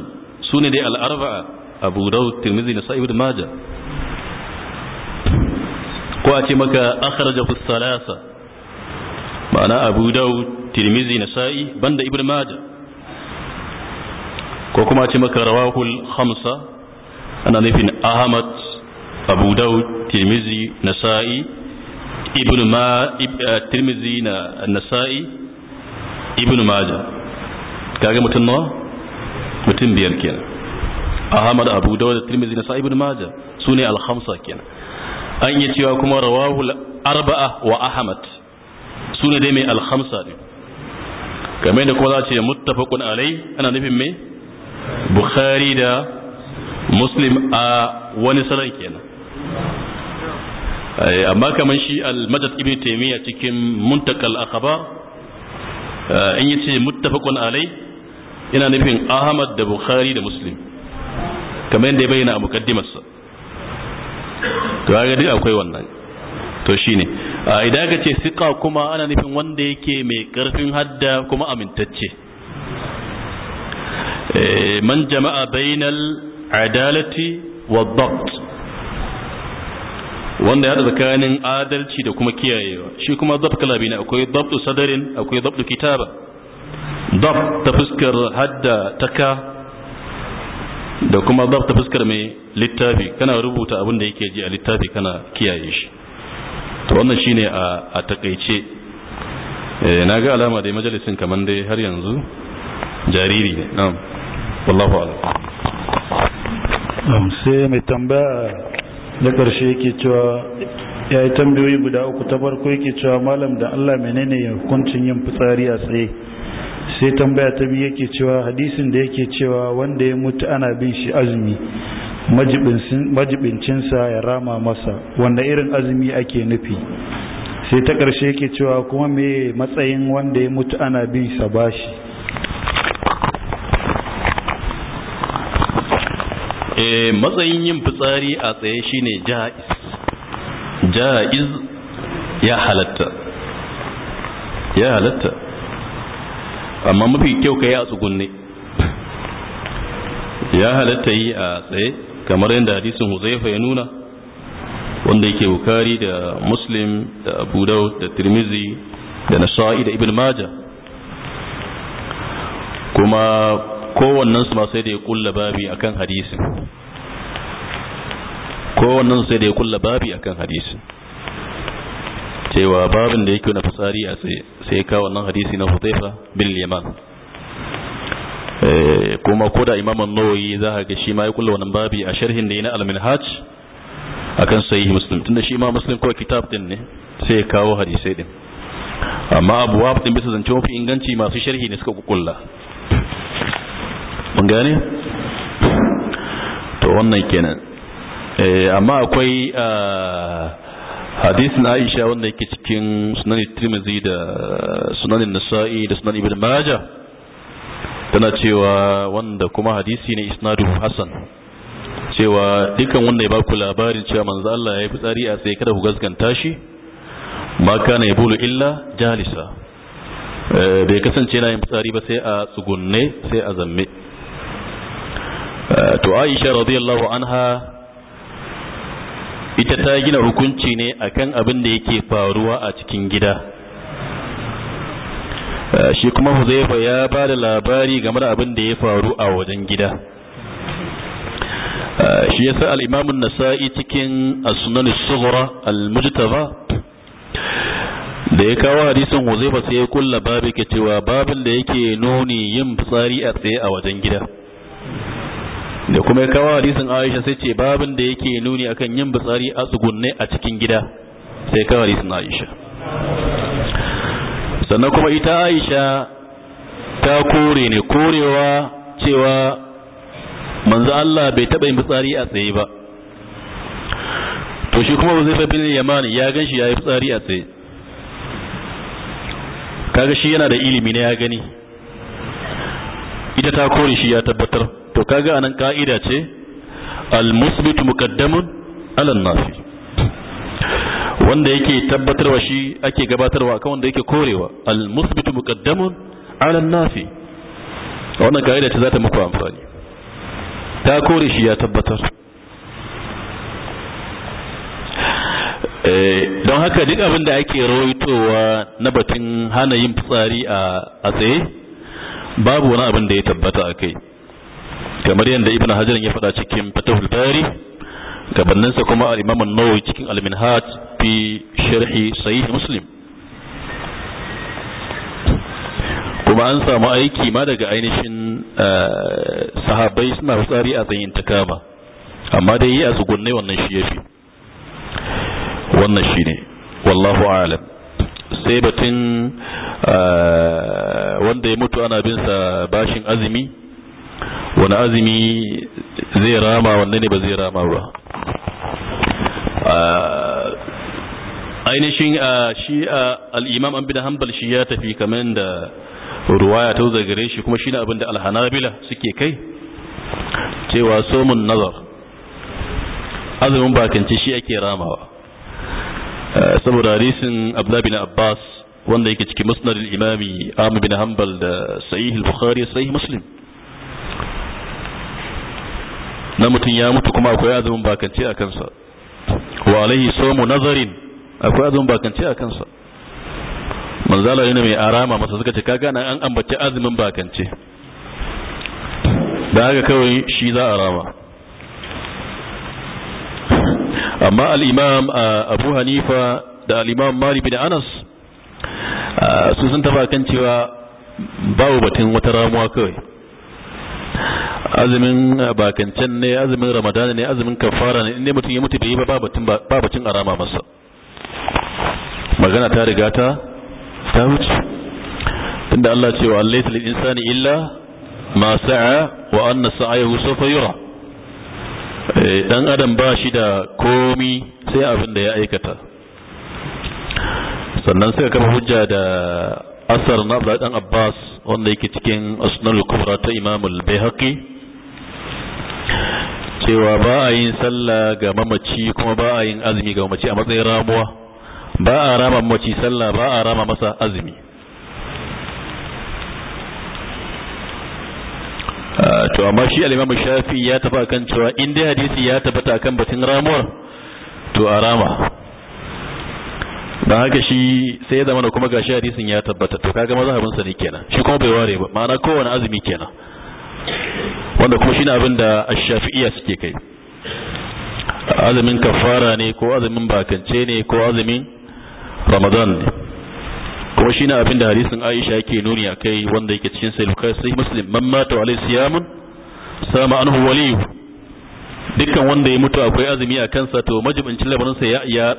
sunan dai al'arba'a abu ibn ko a ce maka salasa ma'ana abu tirmizi nasa'i banda ibn majah ko kuma ce maka rawahul khamsa ana nufin ahmad abu daud tirmizi nasa'i ibn ma tirmizi na nasa'i ibn majah kaga mutum nawa mutum biyar kenan ahmad abu daud tirmizi nasa'i ibn majah sune al khamsa kenan an yi cewa kuma rawahul arba'a wa ahmad sune dai mai al khamsa ne kamar da kuma za ce muttafaqun alai ana nufin me bukhari da muslim a wani sanar kenan eh, amma kamar shi al-madad ibn taymiya cikin muntakal akhbar eh, in yace muttafaqun alai ina nufin ahmad da bukhari da muslim kamar yadda ya bayyana a mukaddimarsa to ga duk akwai wannan to shine Ah, idan aka ce siƙa kuma ana nufin wanda yake mai ƙarfin hadda kuma amintacce eh, man jama'a bainal adalati wa dhabt wanda ya tsakanin adalci da kuma kiyayewa shi kuma dhabt kalabi akwai dhabtu sadarin akwai dhabtu kitaba dhabt ta fuskar hadda taka da kuma dhabt ta fuskar mai littafi kana rubuta abin da yake ji a littafi kana kiyaye shi to wannan shine a eh na ga alama dai majalisin kaman dai har yanzu jariri ne na'am wallahu alam na'am sai mai tambaya da karshe yake cewa ya yi tambayoyi guda uku ta farko yake cewa malam da Allah menene hukuncin yin fitsari a tsaye sai tambaya ta biyu yake cewa hadisin da yake cewa wanda ya mutu ana bin shi azumi majibincinsa ya rama masa wanda irin azumi ake nufi sai ta ƙarshe ke cewa kuma mai matsayin wanda ya mutu ana bin sa bashi e matsayin yin fitsari a tsaye shine ja'iz ja'iz ya halatta ya halatta amma mafi kyau ka yi a tsugunne ya halatta yi a tsaye kamar yadda hadisin huzaifa ya nuna wanda yake bukari da muslim da abu daud da tirmizi da nasa'i da ibn majah kuma kowannen su ma sai da ya kulla babi akan hadisin kowannen sai da ya kulla babi akan hadisin cewa babin da yake na fasari a sai ya kawo wannan hadisi na huzaifa bin yaman Eh, kuma ko da imaman nawawi za ka ga shi ma ya kulla wannan babi a sharhin da yana al-minhaj akan sahih muslim tunda shi ma muslim ko kitab din ne sai ya kawo hadisai din amma wa din bisa zance mafi inganci masu sharhi ne suka kulla mun gane to wannan kenan eh, amma akwai ah, hadisin Aisha wanda yake cikin sunan Tirmidhi da sunan Nasa'i da sunan Ibn Majah tana cewa wanda kuma hadisi ne isnadu Hassan cewa dukan wanda ya ba ku labarin cewa manzo Allah ya yi fitsari a tsaye kada ku gaskanta shi ma kana yabulu illa jalisa eh, bai kasance yana yin fitsari ba sai a tsugunne sai a zamme eh, to Aisha radiyallahu anha ita ta gina hukunci ne akan abin da yake faruwa a cikin gida Eh, shi kuma huzaifa ya ba da labari game da abin da ya faru a wajen gida eh, shi ya sa al’imamun nasai cikin asunan sugura al-mujtaba da ya kawo hadisun huzaifa sai ya kulla babu ke cewa babin da yake nuni yin fitsari a tsaye a wajen gida da kuma ya kawo hadisun aisha sai ce babin da yake nuni akan yin fitsari a tsugunne a cikin gida sai kawo hadisun aisha sannan kuma ita aisha ta kore ne korewa cewa manzo Allah bai taɓa yin fitsari a tsaye ba to shi kuma Uzaifa bin Yaman ya ganshi yi fitsari a tsaye kaga shi yana da ilimi ne ya gani ita ta kore shi ya tabbatar to kaga anan ka'ida ce al musbitu muqaddamun ala nafi wanda yake tabbatarwa shi ake gabatarwa kan wanda yake korewa al-musbitu muqaddamun ala an-nasi wannan kaida ce za ta muku amfani ta kore shi ya tabbatar eh, don haka duk abin da ake rawaitowa na batun hana yin fitsari a tsaye babu wani abin da ya tabbata a kai kamar yadda ibn hajar ya faɗa cikin fatahul bari gabaninsa kuma al-imam nawawi cikin al-minhaj fi sharhi sahih muslim kuma an samu aiki ma daga ainihin eh, sahabbai suna fitsari a tsayin kama. amma dai yi a tsugunne wannan shi ya fi. wannan shi ne wallahu alam sai batun eh, wanda ya mutu ana bin sa bashin azumi wani azumi zai rama wanne ne ba zai rama ba ainihin shi al'imam an bi da hanbal shi ya tafi kamar da ruwa ya tauza gare shi kuma shi ne abinda alhanabila suke kai cewa somin nazar azumin bakanci shi ake ramawa saboda risin abdullahi bin abbas wanda yake cikin musnar imami amu bin hanbal da sahih al-bukhari sahih muslim na mutum ya mutu kuma akwai azumin bakanci a kansa wa alaihi sawmu nazarin akwai azumin bakance a kansa manzala yana mai arama masa suka ce kaga nan an ambaci azumin bakance da haka kawai shi za a rama amma al-imam ah, abu hanifa da al-imam malik bin anas ah, su sun taba kan cewa bawo batun wata ramuwa kawai azumin eh, bakancan ne azumin ramadana ne azumin kafara ne inda mutum ya mutu bai yi ba babacin arama masa magana ta riga ta ta wuce tunda Allah ce wa Allah lil insani illa ma sa'a wa anna sa'ayahu sawfa yura eh, dan adam ba shi da komi sai abin da ya aikata sannan suka kafa hujja da asar na dan Abbas wanda yake cikin asnul kubra ta imamul bayhaqi cewa ba a yin sallah ga mamaci kuma ba a yin azumi ga mamaci a matsayin ramuwa ba a rama mamaci sallah ba a rama masa azumi ah, to amma shi al-Imam Shafi ya tafi akan cewa inda hadisi ya tabbata kan batun ramuwar to a rama ba haka shi sai ya zama da kuma gashi hadisin ya tabbata to kaga mazhabin sa ne kenan shi kuma bai ware ba ma'ana kowane azumi kenan wanda kuma shine abin da ash-shafi'iyya suke kai azumin kafara ne ko azumin bakance ne ko azumin ramadan ne kuma shine abin da hadisin Aisha yake nuni akai wanda yake cikin sahih bukhari sahih muslim man mata alai siyamun sama anhu waliyu dukkan wanda ya mutu akwai azumi a kansa to majibincin sa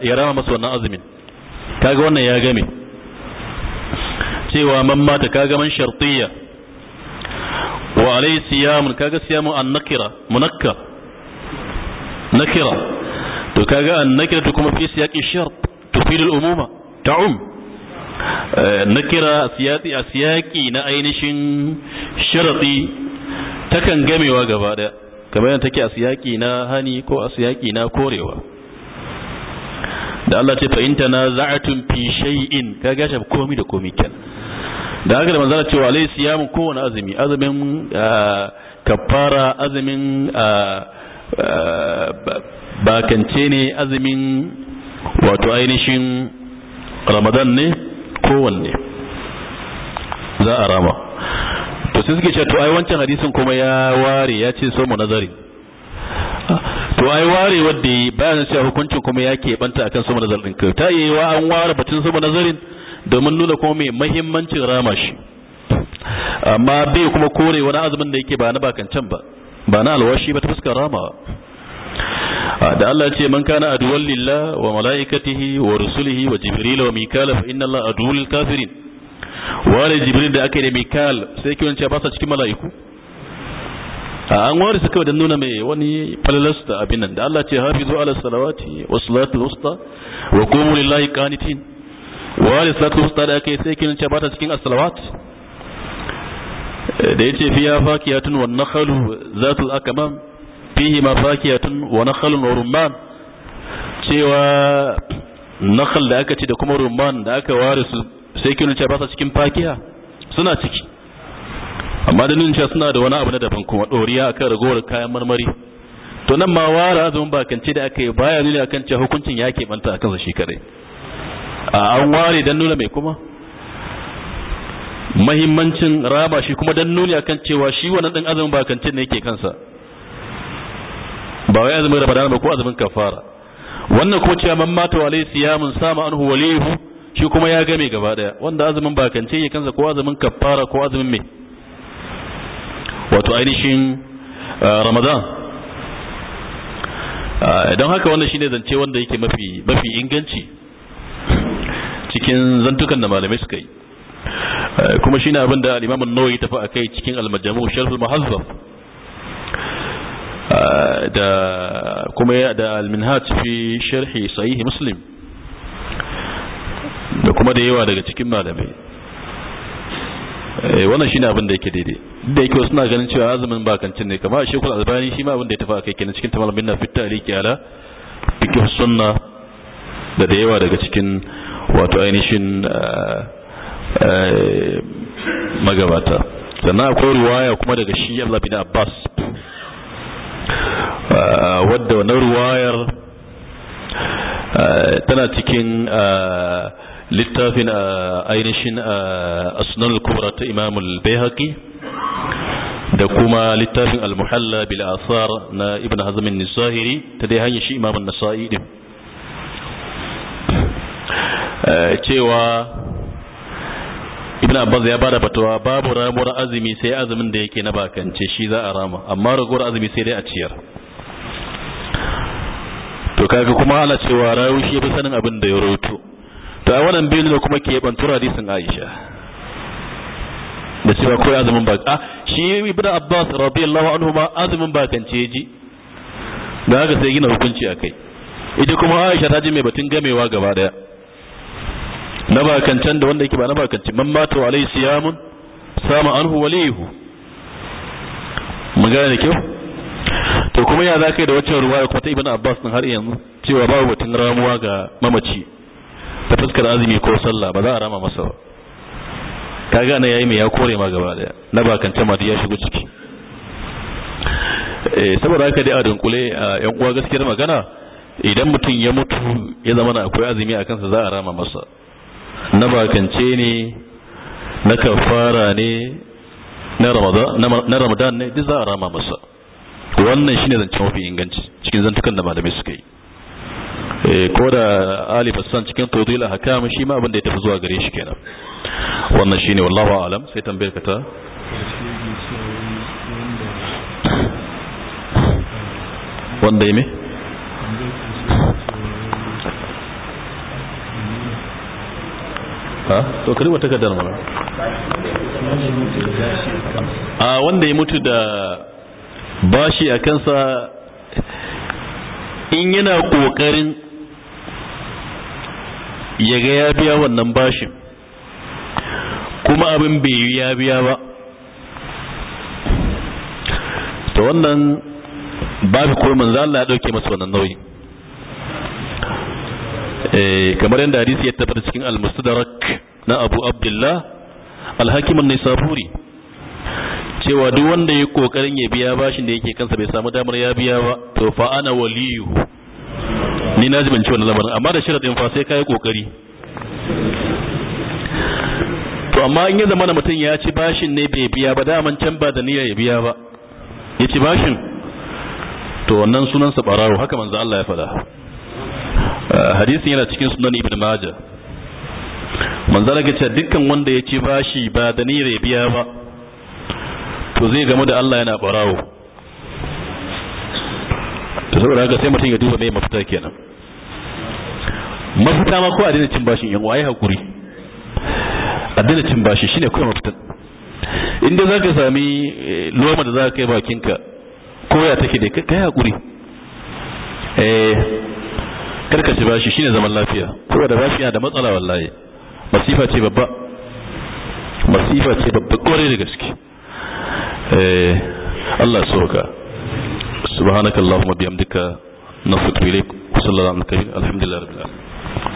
ya rama masa wannan azumin kaga wannan ya game cewa man mata kaga man shartiyya wa alai siyamun kaga siyamun an nakira munakkar nakira to kaga an nakira to kuma fi siyaqi shart tufid al umuma ta'um eh, nakira siyaqi asiyaqi na ainihin sharati takan gamewa gaba daya kamar yadda take asiyaqi na hani ko a asiyaqi na korewa da Allah ce za a tun fi shay'in ka gashe komi komai da komai kyan da haka da manzala cewa alai siyamu kowane azumi azumin ah, kafara azumin ah, ah, bakance ne azumin wato ainihin ramadan ne kowanne za a rama to sai suke cewa to ai wancan hadisin kuma ya ware ya ce so mu nazari to ai ware wanda yi bayan cewa hukuncin kuma ya keɓanta akan sama nazar ɗin kai ta yi wa an ware batun sama nazarin domin nuna kuma mai mahimmancin rama shi amma bai kuma kore wani azumin da yake ba na can ba ba na alwashi ba ta fuskar rama. da Allah ce man kana aduwwan lillah wa malaikatihi wa rusulihi wa jibril wa mikal fa inna Allah aduwwul kafirin wa jibril da aka da mikal sai kiyon ce ba sa cikin mala'iku an wari su kawai don nuna mai wani falalasta abin nan da Allah ce hafi zuwa ala salawati wa salatul usta wa qumu lillahi qanitin wa li salatul usta da kai sai kin ce bata cikin as-salawat eh, da yace fiya fakiyatun wa su zatul akmam fihi ma fakiyatun wa nakhalun wa rumman cewa nakhal da aka ce da kuma rumman da aka ware su sai kin ce bata cikin fakiya suna ciki amma da nuna suna da wani abu na daban kuma ɗoriya kan ragowar kayan marmari to nan ma wara azumin bakance da aka yi baya nuna akan cewa hukuncin ya keɓanta a kansa shi kare a an ware don nuna mai kuma mahimmancin raba shi kuma don a akan cewa shi wannan ɗin azumin bakance ne yake kansa ba wai azumin rabadana ba ko azumin kafara wannan kuma cewa man mata wa alayhi siyamun sama anhu walihu shi kuma ya game gaba daya wanda azumin bakance yake kansa ko azumin kafara ko azumin mai wato ainihin uh, ramadan uh, don haka wannan shine zance wanda yake mafi inganci cikin zantukan da malamai suka yi uh, kuma shine abin da alimamin imam tafi a kai cikin almajamu majmu mahazzar al-Muhazzab da kuma da al-Minhaj fi Sharhi sahihi Muslim da kuma da yawa daga cikin malamai Eh, wannan shine abin da yake daidai da yake suna na ganin cewa azumin ba kancin ne kamar shekul albani shi ma abin da ya tafi akai kenan cikin tamalmin na fitari tariki ala fiqh sunna da da yawa daga cikin wato ainihin eh, eh, magabata sannan akwai riwaya kuma daga shi Allah bin Abbas wadda wannan ruwayar tana cikin littafin ainihin asnan Kura ta imam al-bayhaqi da kuma littafin al-muhalla bil asar na ibn hazm an-nisahiri ta dai hanyar shi imam an-nasa'i cewa ibn abbas ya bada fatawa babu ramuwar azumi sai azumin da yake na bakance shi za a rama amma ragowar azumi sai dai a ciyar to kaga kuma ala cewa rayu shi fi sanin abin da ya rawaito to a wannan biyu nuna kuma ke bantura hadisin Aisha da cewa ko azumin ba a ah, shi ibnu Abbas radiyallahu anhu ma azumin ba kance ji da haka sai gina hukunci akai ita kuma Aisha ta ji mai batun gamewa gaba daya na bakancan da wanda yake ba na bakanci man mata wa alai siyamun sama anhu walihu magana da kyau to kuma ya zakai da wacce ruwa kuma ta ibn abbas din har yanzu cewa babu batun ramuwa ga mamaci ta fuskar azumi ko sallah ba za a rama masa ba ta gane ya yi mai ya kore ma gaba daya na bakance ma ya shigo ciki eh, saboda haka dai a dunkule a yan uwa gaskiyar magana idan mutum ya mutu ya zama na akwai azumi a kansa za a rama masa na bakance ne na kafara ne na ramadan ne duk za a rama masa wannan shine zancen mafi inganci cikin zantukan da malamai suka yi Eh, ko da ali san cikin haka ahkam shi ma abin da ya tafi zuwa gare shi kenan wannan shine wallahu alam sai tambayar ka ta wanda yime ha to wata takardar mana a wanda ya mutu da bashi a kansa in yana kokarin Yaga ya biya wannan bashin kuma abin bai yi ya biya ba ta wannan babu kuma manzo Allah ya dauke masa wannan nauyi eh, kamar yadda hadisi ya tabbata cikin al-mustadrak na Abu Abdullah al-Hakim an-Nisaburi cewa duk wanda ya kokarin ya biya bashin da yake kansa bai samu damar ya biya ba to fa ana waliyu ni na ci wannan lamarin amma da sharaɗin fa sai ka yi ƙoƙari to amma in ya zama mutum ya ci bashin ne bai biya ba da can ba da niyya ya biya ba ya ci bashin to wannan sunansa barawo haka manzo Allah ya faɗa eh, hadisin yana cikin sunan ibn majah manzo Allah ya ce dukkan wanda ya ci bashi ba da niyya ya biya ba to zai gamu da Allah yana to saboda haka sai mutum ya duba mai mafita kenan mafita ma ko a daina cin bashin yanwa waye hakuri a daina cin bashi shine kuma mafita inda zaka sami eh, loma da zaka kai bakinka ko ya take da kai hakuri eh karka ci bashi shine zaman lafiya saboda bashi yana da matsala wallahi masifa ce babba masifa ce babba kore da gaske eh Allah soka subhanakallahumma bihamdika نصت إليك وصلى الله وسلم الحمد لله رب العالمين